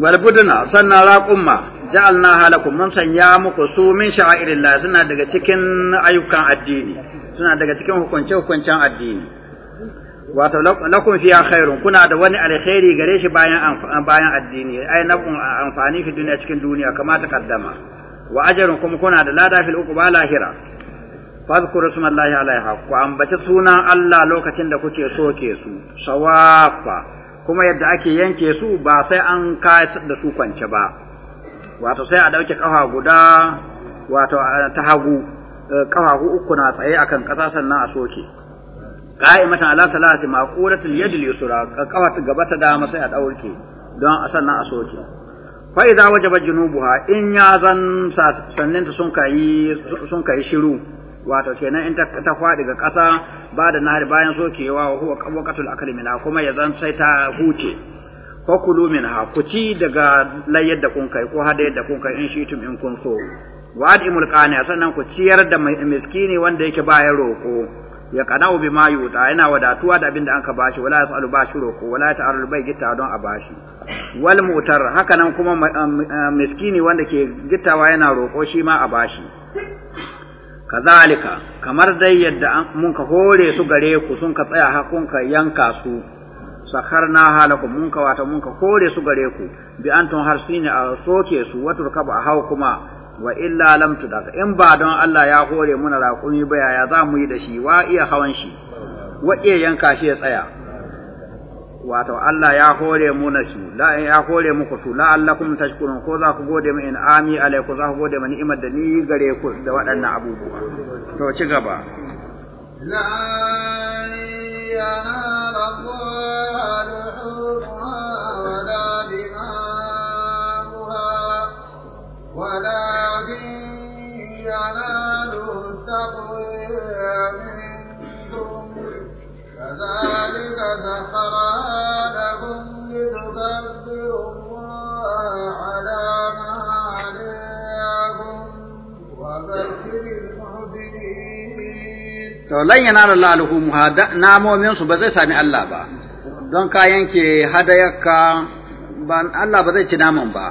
walbudna sannan raƙumma ja'alna halakum mun sanya muku su min sha'irillah suna daga cikin ayyukan addini suna daga cikin hukunce hukuncen addini wato lakum fiya khairun kuna da wani alkhairi gare shi bayan bayan addini ai nabun amfani fi duniya cikin duniya kama ta kaddama wa ajrun kuma kuna da lada fil uqba lahira fadhkuru ismallahi alaiha ku ambaci sunan Allah lokacin da kuke soke su sawafa kuma yadda ake yanke su ba sai an kayar da su kwance ba wato sai a ɗauke ƙafa guda wato ta hagu eh, ƙafa uku na tsaye akan ƙasa sannan a soke qa'imatan ala salasi maqulatul yad al-yusra ƙafa gaba ta dama sai a ɗauke don a sannan a soke fa idza wajaba junubuha in ya zan sannin sun kai sun kai shiru wato kenan in ta faɗi ga ƙasa ba da nahari bayan sokewa wa huwa waqatul akli minha kuma ya zan sai ta huce ko kulu minha ku ci daga layyar da kun kai ko hada yadda kun kai in shi shitum in kun so wa adimul qani sannan ku ciyar da miskini wanda yake bayan roko ya qana'u bima yuta yana wadatuwa da abin da anka bashi wala yasalu bashi roko wala ta'arul bai gita don a bashi wal mutar hakanan kuma miskini wanda ke gittawa yana roko shi ma a bashi kazalika kamar dai yadda mun ka hore su gare ku sun ka tsaya ha ka yanka su na halaku mun ka wata mun ka hore su gare ku bi antum harsini a soke su wata ka a hau kuma wa illa lam tudaka in ba don Allah ya hore muna raƙumi ba yaya za mu yi da shi wa iya hawan shi wa iya yanka shi ya tsaya wato Allah ya hore mu na su la ya hore muku su la allakum tashkurun ko za ku gode mu in ami alaikum za ku gode mu ni'imar da ni gare ku da waɗannan abubuwa to ci gaba la ولكن كذلك سخرها لكم لتكبروا الله على ما عليكم وبشر to lan yanala Allah alhumuha namomin ba zai sami Allah ba don ka yanke hadayarka ba Allah ba zai ci naman ba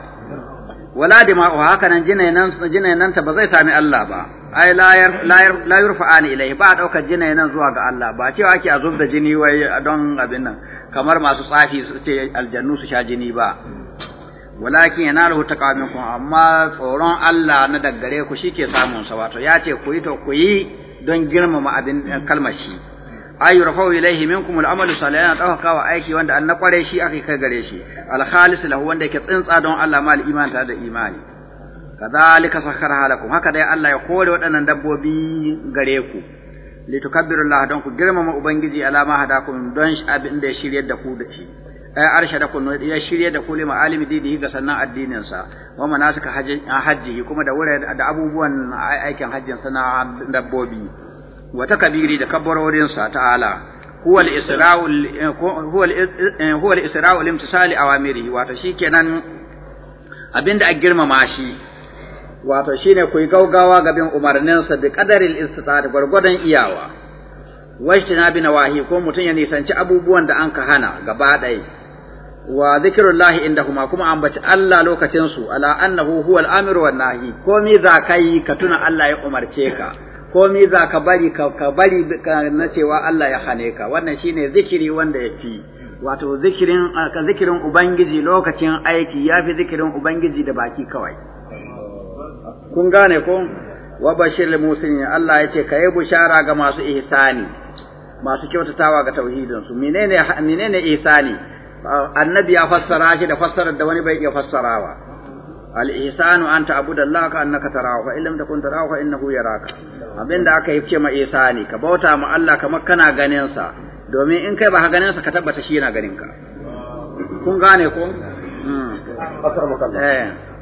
wala dima'u haka nan jinainan ta ba zai sami Allah ba ai la yurfa an ilahi ba a ɗaukar jinai nan zuwa ga Allah ba cewa ake a da jini wai don abin nan kamar masu tsafi su ce aljannu su sha jini ba walakin yana ruhu ta ku, amma tsoron Allah na daggare ku shike samun sa wato ya ce ku yi to ku yi don girmama abin kalmar shi ay yurfau ilayhi minkum al-amalu salihan tawaka wa aiki wanda an na kware shi aka kai gare shi al lahu wanda yake tsintsa don Allah mal iman ta da imani kadhalika sakharaha lakum haka dai Allah ya kore waɗannan dabbobi gare ku litukabbiru don ku girmama ubangiji alama hadakum don abin da ya shirye da ku da shi arsha da ku ya shirye da ku lima alimi ga sannan addinin sa wa manasika hajji kuma da wurare da abubuwan aikin hajjin na dabbobi wa takabiri da kabbarorin sa ta'ala huwa al-isra'u huwa al-isra'u limtisali awamirihi wato shikenan abinda a girmama shi wato shine ku yi gaugawa ga bin umarninsa bi qadaril istita'at gwargwadon iyawa na bi nawahi ko mutum ya nisanci abubuwan da an ka hana gaba ɗaya wa zikrullahi indahuma kuma ambaci Allah lokacin su ala annahu huwal amir wan nahi mi za ka yi ka tuna Allah ya umarce ka mi za ka bari ka bari na cewa Allah ya hane ka wannan shine zikiri wanda ya fi wato zikirin zikirin ubangiji lokacin aiki ya fi zikirin ubangiji da baki kawai kun gane ko wa bashir musulmi Allah ya ce ka bushara ga masu ihsani masu kyautatawa ga tauhidin su menene menene ihsani annabi ya fassara shi da fassarar da wani bai iya fassarawa al ihsanu an ta'budu Allah ka annaka tarahu fa illam takun tarahu fa innahu yaraka abinda aka yi ce ma ihsani ka bauta ma Allah kamar kana ganin sa domin in kai ba ka ganin sa ka tabbata shi yana ganin ka kun gane ko mm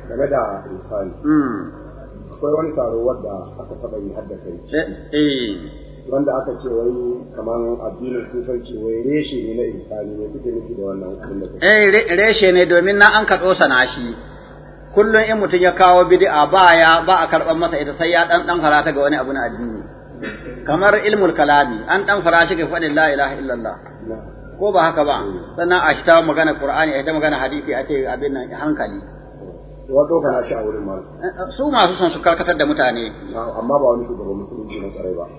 game da ihsani hmm. akwai wani taro wadda aka taba yi hadda kai eh, eh. wanda aka ce wai kamar addinin kusanci wai reshe ne na insani ne kuke nufi da wannan abin da eh reshe ne domin na an ka sana shi kullum in mutum ya kawo bid'a ba ba a karɓar masa ita sai ya dan dan farata ga wani abu na addini kamar ilmul kalami an dan shi ga faɗin la ilaha illallah ko ba haka ba eh. sannan a shi ta magana qur'ani a ta magana hadisi a ce abin nan hankali wato eh, eh, su masu son su karkatar da mutane ah, amma ba wani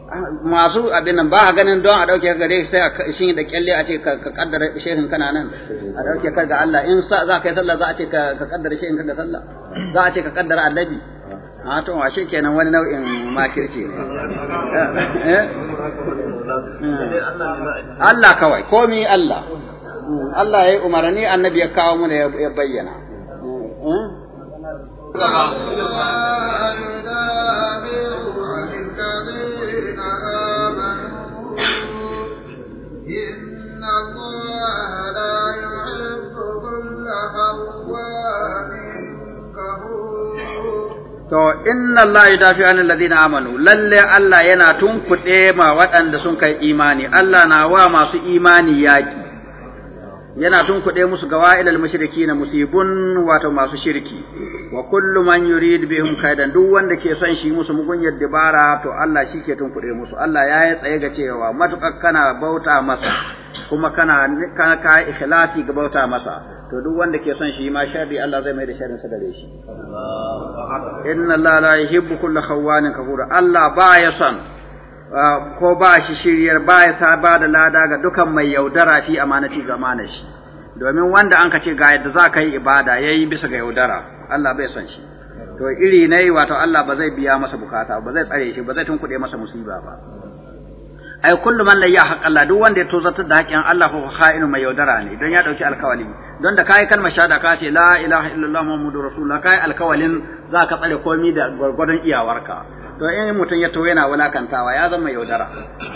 ah, masu abin nan ba ganin don a dauke gare shi da kyalle a ce ka kaddara shehin kana nan a dauke ka Allah in sa za ka sallah za ce ka kaddara a ce annabi ah, eh, Allah kawai komi Allah hmm, Allah ya yi umarni annabi ya kawo mu ya bayyana hmm, hmm. To, inna Allah ya dafi an lalazina amanu, lalle Allah yana tun kuɗe ma waɗanda sun kai imani, Allah na wa masu imani yaƙi. yana tunkuɗe musu ga mashiriki na musibun wato masu shirki wa kullum man yurid bihim kaidan duk wanda ke son shi musu mugunyar dabara to Allah shi ke tunkuɗe musu Allah ya yi tsaye ga cewa matuƙar kana bauta masa kuma kana kana ka ikhlasi ga bauta masa to duk wanda ke son shi ma sharri Allah zai mai da sharrin sa gare shi inna Allah la yuhibbu kulla khawanin kafura Allah ba ya san Ah, ko ba shi shiryar baya ya ba da lada ga dukan mai yaudara fi amanati ga amanar shi domin wanda an ka ce ga yadda za ka yi ibada ya yi bisa ga yaudara Allah bai son shi to iri na yi wato Allah ba zai biya masa bukata ba zai tsare shi ba zai tunkuɗe masa musiba ba ai kullu man layya yahaq Allah duk wanda ya tozartar da haƙin Allah ko kha'inu mai yaudara ne don ya dauki alkawali don da kai kalmar shahada ka ce la ilaha illallah muhammadur rasulullah kai alkawalin za ka tsare komai da gurgurdan iyawarka to in mutum ya to na wulakantawa ya zama yaudara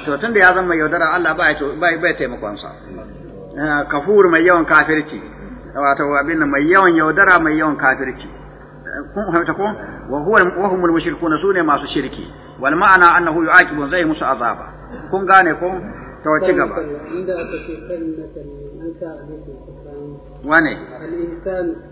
to tunda ya zama yaudara Allah ba ya bai taimakon sa eh, kafur mai yawan kafirci wato abin mai yawan yaudara mai yawan kafirci eh, kun fahimta ko wa huwa wa humul mushrikuna sune masu shirki wal ma'ana annahu yu'aqibun zai musu azaba kun gane ko to ci gaba inda aka ce kalmatan an sa wane al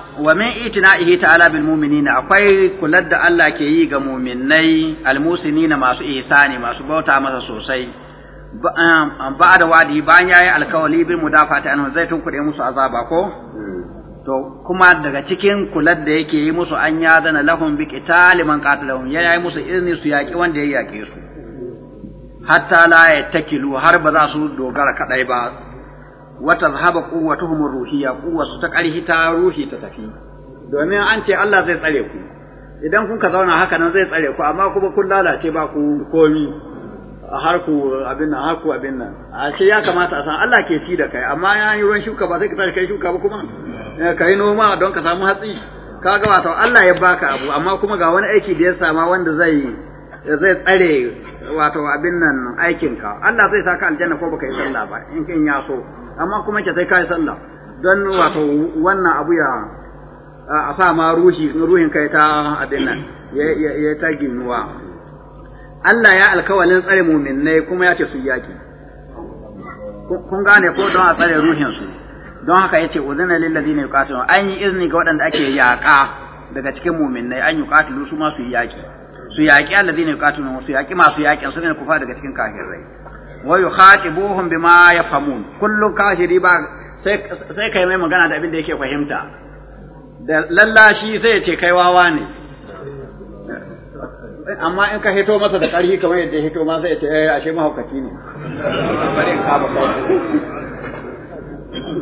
wa min itina'ihi ta'ala bil mu'minina akwai kular da Allah ke yi ga mu'minnai almusinina masu ihsani masu bauta masa sosai ba um, um, da wadi bayan yayi alkawali bil mudafati anhu zai tunkuɗe musu azaba ko to kuma daga cikin kular da yake yi musu an ya zana lahum bi qitali man qatalahum ya yi musu izini su yaki wanda ya yake su hatta la yatakilu har ba za su dogara kadai ba wata zahaba quwwatuhum ruhiyya quwwatu ta karhi ta ruhi ta tafi domin an ce Allah zai tsare ku idan kun ka zauna haka nan zai tsare ku amma kuma kun lalace ba ku komi har ku abin nan har ku abin nan a ce ya kamata a san Allah ke ci da kai amma ya yi ruwan shuka ba zai ka tashi kai shuka ba kuma ka yi noma don ka samu hatsi ka ga wato Allah ya baka abu amma kuma ga wani aiki da ya sama wanda zai zai tsare wato abin nan aikinka Allah zai saka aljanna ko baka yi sallah ba in kin ya so amma kuma ke sai kai sallah don wato wannan abu ya a sa ma ruhi ruhin kai ta abin nan ya ta ginuwa Allah ya alkawalin tsare mu'minnai kuma ya ce su yaki kun gane ko don a tsare ruhin su don haka yace udhina lil ladina yuqatilu an yi izini ga waɗanda ake yaƙa daga cikin mu'minnai an yuqatilu su ma su yaki su yaƙi ne yuqatiluna su yaƙi masu yaƙin su ne kufa daga cikin kafirai wa yukhatibuhum bima yafhamun kullu kafiri ba sai kai mai magana da abin da yake fahimta da lallashi sai ce kai wawa ne amma in ka hito masa da ƙarfi kamar yadda ya hito masa ya ce eh ashe mahaukaci ne bari ka ba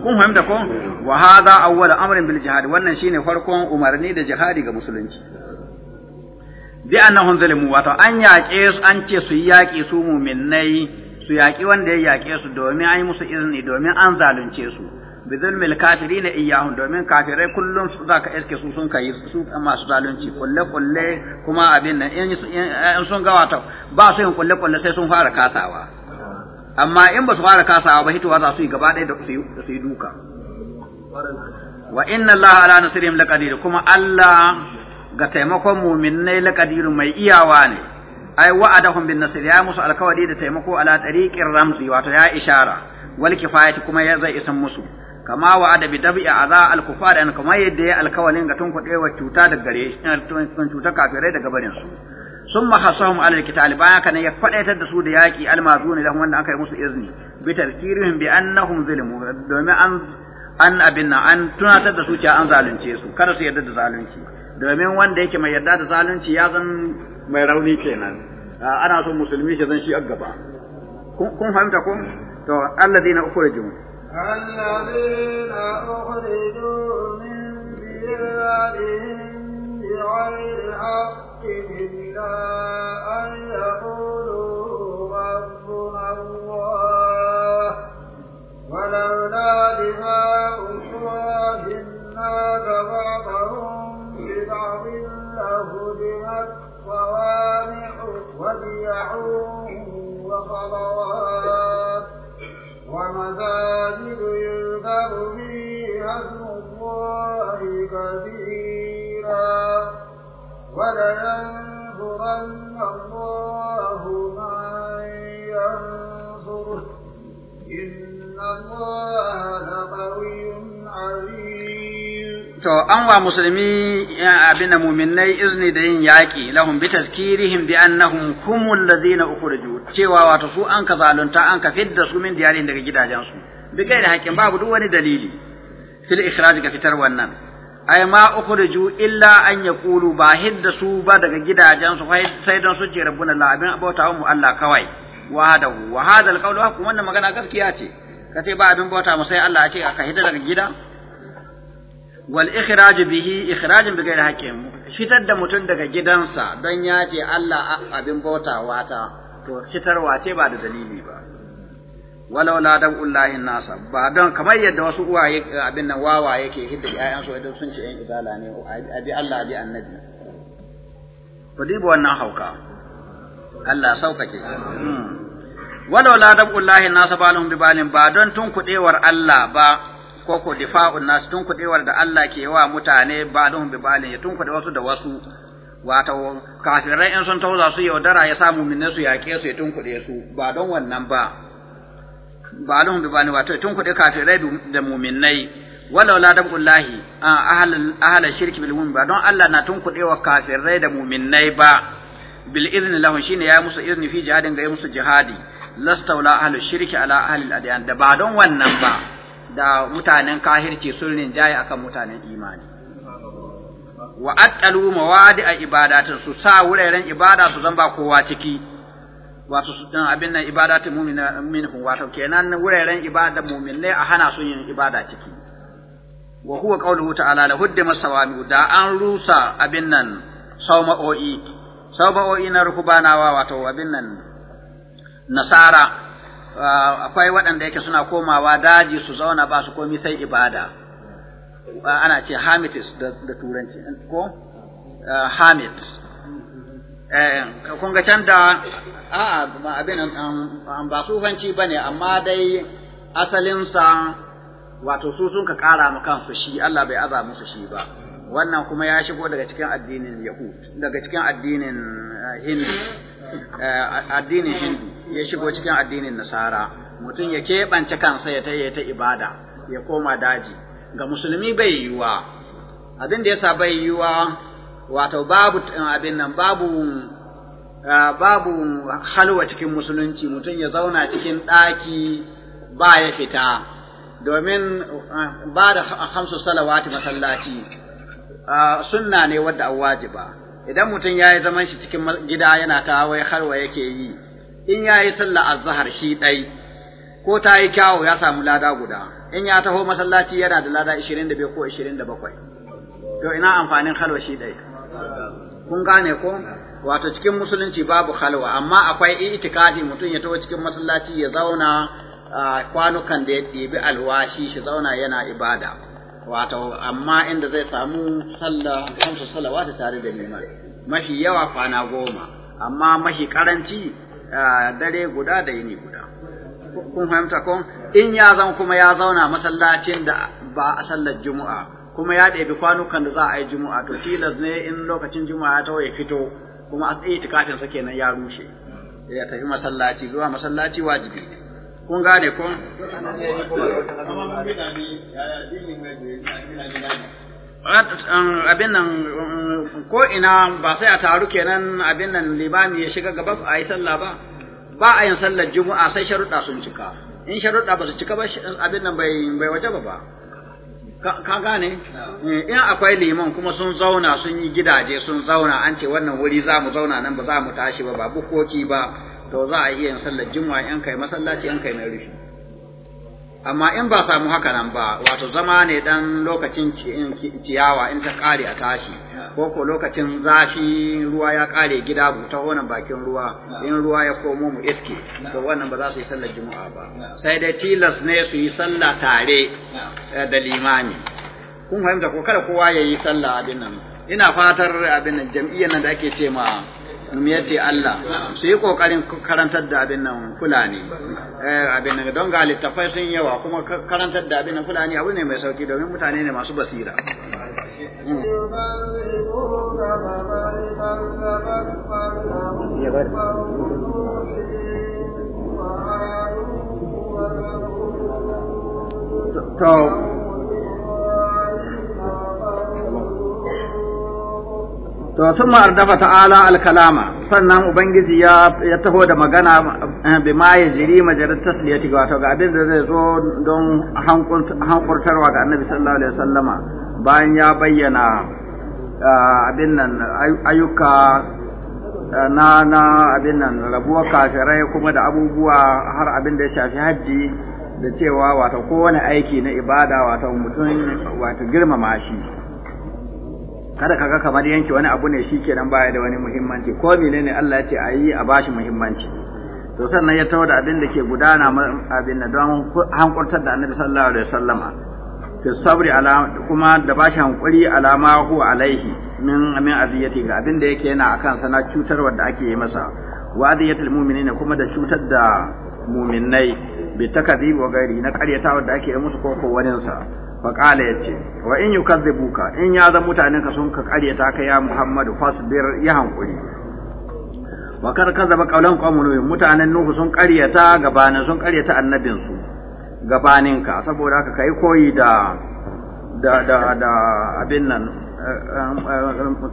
kun fahimta ko wa hadha awwal amrin bil jihad wannan shine farkon umarni da jihadi ga musulunci bi annahum zalimu wato an yaƙe su an ce su yaƙi su mu'minnai su yaƙi wanda ya yaƙe su domin an yi musu izini domin an zalunce su bi zulmil kafirin iyyahum domin kafirai kullum su zaka iske su sun kai su masu zalunci kulle kulle kuma abin nan in sun ga wato ba su yin kulle kulle sai sun fara kasawa amma in ba su fara kasawa ba hitowa za su yi gaba ɗaya da su yi duka wa inna allaha ala nasirihim laqadir kuma allah ga taimakon mu'minnai laqadirun mai iyawa ne ai wa'adahum bin nasr ya musu alkawari da taimako ala tariqir ramzi wato ya ishara wal kifayati kuma ya zai isan musu kama wa'ada bi dabi aza al kufar an kuma yadda ya alkawalin ga eh, tun kudewa cuta da gare tun cuta kafirai daga barin su summa hasahum ala al kitab bayan kana ya fadaitar da su da yaki al mazuni lahum wanda aka yi musu izni bi tadhkirihim bi annahum zulmu domin an an abinna an tunatar da su cewa an zalunce su kada su yarda da zalunci domin wanda yake mai yarda da zalunci ya zan mai rauni kenan ah, ana so musulmi shi zan shi a gaba kun fahimta ko to alladhina ukhriju alladhina ukhriju min diyarihim an yaqulu rabbuna Allah ولولا دماء شراد النار بعضهم الله هدمت صوامع وبيع وصلوات ومساجد يذكر فيها اسم الله كثيرا ولينصرن الله من ينصره إن الله لقوي عزيز to an wa musulmi abin muminai izini da yin yaƙi lahum bi tazkirihim bi annahum humul ladina ukhruju cewa wato su an ka zalunta an ka fidda su min diyarin daga gidajensu bi da hakin babu duk wani dalili fil ikhraj ga fitar wannan ai ma ukhruju illa an yaqulu ba hidda su ba daga gidajensu sai don su ce rabbuna la abin abota mu Allah kawai wahadahu wa hadal qawlu kuma wannan magana gaskiya ce kace ba abin bauta mu sai Allah ya ce aka hidda daga gida wal ikhraj bihi ikhrajin bi ghairi haqqin fitar da mutum daga gidansa don yace Allah abin bautawa ta to fitarwa ce ba dalili ba walau la dan ullahi nasa ba don kamar yadda wasu abin nan wawa yake hidda ƴaƴan idan sun ce ƴan izala ne abi Allah abi annabi ku diba wannan hauka Allah saukake hmm. walau la dan nasa balum bi balin ba don tun kuɗewar Allah ba ko ko difa'un nas tun da Allah ke wa mutane don bi ba'lin ya tun wasu da wasu wato kafirai in sun tauza su yaudara ya samu minne su yaƙe su ya tun su ba don wannan ba don bi ba'lin wato tun kude kafirai da mu'minnai wala la dabullahi ahal ahal shirki bil mu'min ba don Allah na tunkuɗe wa kafirai da mu'minnai ba bil izni lahum shine ya musu izni fi jihadin ga musu jihadi lastaula ahal shirki ala ahal al adyan da ba don wannan ba da mutanen kahirci sun rinjaye akan mutanen imani wa attalu mawadi a ibadatin su sa wuraren ibada su zan ba kowa ciki wato su dan abin nan ibadatin mu'mina minhu wato kenan wuraren ibada mu'minai a hana su yin ibada ciki wa huwa qawluhu ta'ala la huddima sawami da an rusa abin nan sauma o'i na rukubanawa wato abin nan nasara Ah, akwai waɗanda yake suna komawa daji su zauna ba su komi sai ibada ah, ana ce hamitis da turanci ko ah, hamit eh, kun ga can da a'a abin an ba sufanci ne amma dai asalinsa wato su sun ka ƙara ma kansu shi Allah bai aza musu shi ba wannan kuma ya shigo daga cikin addinin yahud daga cikin addinin eh, hindu eh, addinin hindu ya shigo cikin addinin nasara mutum ya keɓance kansa ya taye ta ibada ya koma daji ga musulmi bai yiwuwa abin da yasa bai yiwuwa wato babu eh, abin nan babu babu halwa cikin musulunci mutum ya zauna cikin ɗaki ba ya fita domin ba da hamsu salawati masallaci Ah, sunna ne wadda an wajiba idan mutum ya yi zaman shi cikin gida yana ta wai harwa yake yi in ya yi sallah zahar shi ɗai ko ta yi kyawo ya samu lada guda in ya taho masallaci yana da lada biyu ko 27 to ina amfanin halwa shi ɗai kun gane ko wato cikin musulunci babu halwa amma akwai itikadi mutum ya taho cikin masallaci ya zauna ah, kwanukan da ya ɗebi alwashi shi zauna yana ibada wato amma inda zai samu sallah kamsu tare da neman mafi yawa kwana goma amma mafi karanci dare guda da yini guda kun fahimta ko in ya zan kuma ya zauna masallacin da ba a sallar juma'a kuma ya ɗebi kwanukan da za a yi juma'a to tilas ne in lokacin juma'a ta ya fito kuma a tsaye sa kenan ya rushe ya tafi masallaci zuwa masallaci wajibi ne kun gane ko um, abin nan um, ko ina ba sai a taru kenan abin nan limami ya shiga gaba a yi sallah ba ba a yin sallar juma'a sai sharuɗa sun cika in sharuɗa ba su cika ba abin nan bai bai waje ba ba ka gane eh, in akwai liman kuma sun zauna sun yi gidaje sun zauna an ce wannan wuri za mu zauna nan ba za mu tashi ba ba bukoki ba to za a iya yin sallar juma'a in kai masallaci in kai na rufi amma in ba samu haka nan ba wato zama ne dan lokacin ciyawa in ta kare a tashi ko ko lokacin zafi ruwa ya kare gida ta honan bakin ruwa in ruwa ya komo mu iske to wannan ba za su yi sallar juma'a ba sai dai tilas ne su yi sallah tare eh, da limami kun fahimta ko kada kowa ya yi sallah abin nan ina fatar abin nan jam'iyyar nan da ake ce ma miyati Allah su yi kokarin karantar da abin nan fulani eh, abin nan don ga littafai yawa kuma karantar da abin nan fulani abu ne mai sauki domin mutane ne masu basira hmm. to sun ardafa ta'ala al-kalama sannan ubangiji ya ya taho da magana eh, bi ma ya jiri ya tasliyati wato ga abin da zai zo don hankurtarwa ga annabi sallallahu alaihi wasallama bayan ya bayyana ah, abin nan ayyuka eh, na na abin nan rabuwar kafirai kuma da abubuwa har abin da ya shafi hajji da cewa wato kowane aiki na ibada wato mutum wato girmama shi kada ka ga kamar yanke wani abu ne shikenan baya da wani muhimmanci ko menene Allah ya ce ayi a bashi muhimmanci to sannan ya tawo da abin da ke gudana abin da don hankurtar da Annabi sallallahu alaihi wasallama fi sabri ala kuma da bashi hankuri alama hu alaihi min min aziyati ga abin da yake yana akan sana cutarwar da ake yi masa wa aziyatul mu'minina kuma da cutar da mu'minai bi takadibi wa gairi na karyatawa da ake yi musu ko ko waninsa faƙala ya ce wa in yi in ya zan mutanen ka sun ka ƙaryata ka ya muhammadu fasbir ya hankuri wa kar zaba qawlan qawmun mutanen nuhu sun ƙaryata gabanin sun ƙaryata annabinsu gabanin ka saboda haka kai koyi da da da da abin nan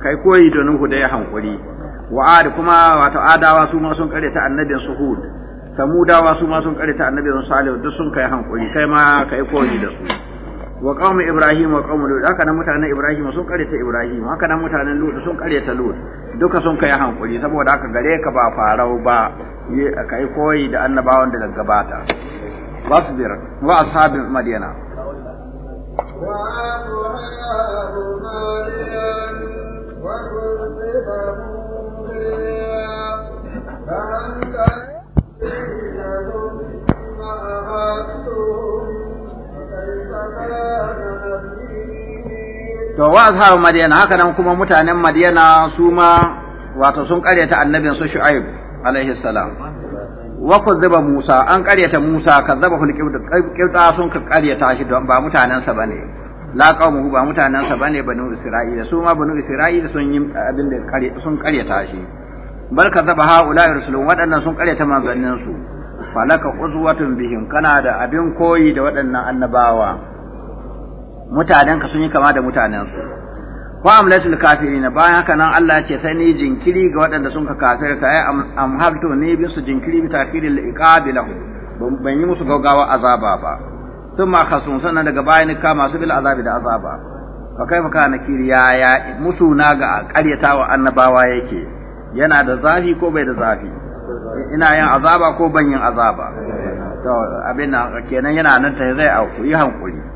kai koyi da nuhu da ya hankuri wa ad kuma wato adawa su ma sun ƙaryata annabin su hud samudawa su ma sun ƙaryata annabin su salihu duk sun kai hankuri kai ma kai koyi da su wa qaumi ibrahim wa qaumu lut haka nan mutanen ibrahim sun kare ta ibrahim haka nan mutanen lut sun kare ta lut duka sun kai hankuri saboda haka gare ka ba farau ba kai koyi da annabawan da gabata wasbir wa ashabin madina فهل تعلم to wa ashabu madiyana haka nan kuma mutanen madiyana su ma wato sun karyata annabin su shu'aib alaihi salam wa kuzziba musa an karyata musa kazzaba hul qibda sun ka karyata shi don ba mutanen sa bane la qaumu ba mutanen sa bane banu isra'ila su ma banu isra'ila sun yi abin da sun karyata shi bal zaba haula rusulun waɗannan sun karyata manzannin falaka uzwatun bihim kana da abin koyi da waɗannan annabawa mutanenka sun yi kama da mutanensu ko amlatul kafirina bayan haka nan Allah ya ce sai ni jinkiri ga waɗanda sun ka kafirta ai am habtu ni bi su jinkiri bi takiril iqabi lahu ban yi musu gaugawa azaba ba sun ma kasun sannan daga bayan ka masu bil azabi da azaba fa kaifa kana kiriya ya musu na ga ƙaryatawa annabawa yake yana da zafi ko bai da zafi ina yin azaba ko ban yin azaba to abin nan kenan yana nan ta zai auku yi hankuri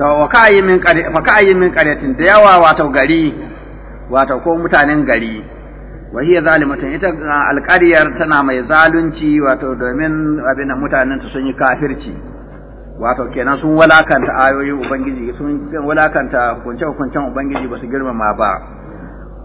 to wa ka'ayi min kare fa ka'ayi min da yawa wato gari wato ko mutanen gari wa hiya zalimatun ita alqaryar tana mai zalunci wato domin abin mutanen ta sun yi kafirci wato kenan sun walakanta ayoyin ubangiji sun walakanta hukunce hukuncen ubangiji ba su girmama ba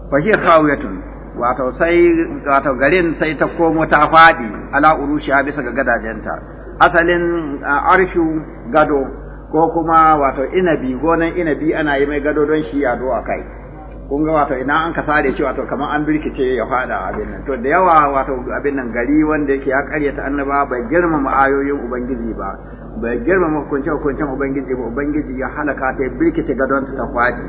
fa hiya khawiyatun wato sai wato garin sai ta komo ta fadi ala urushiya bisa ga gadajenta asalin arshu gado ko kuma wato inabi gonan inabi ana yi mai gado don shi yado a kai kun ga wato ina an ka sare shi wato kamar an birkice ya fada abin nan to da yawa wato abin nan gari wanda yake ya karyata annaba bai girmama ayoyin ubangiji ba bai girmama hukunce hukuncen ubangiji ba ubangiji ya halaka ta birkice gadon ta kwaji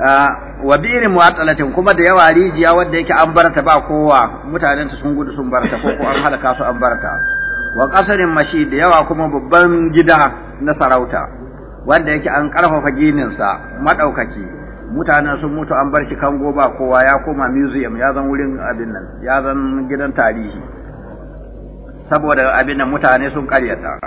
ah, wa birin mu'attalatin kuma da yawa rijiya wanda yake an barta ba kowa mutanen sun gudu sun barta ko ko an halaka su an barta wa kasarin mashi da yawa kuma babban gida na sarauta wanda yake an karfafa sa maɗaukaki mutanen sun mutu an bar shi kango ba kowa ya koma museum ya zan wurin abin nan ya zan gidan tarihi saboda abin nan mutane sun karyata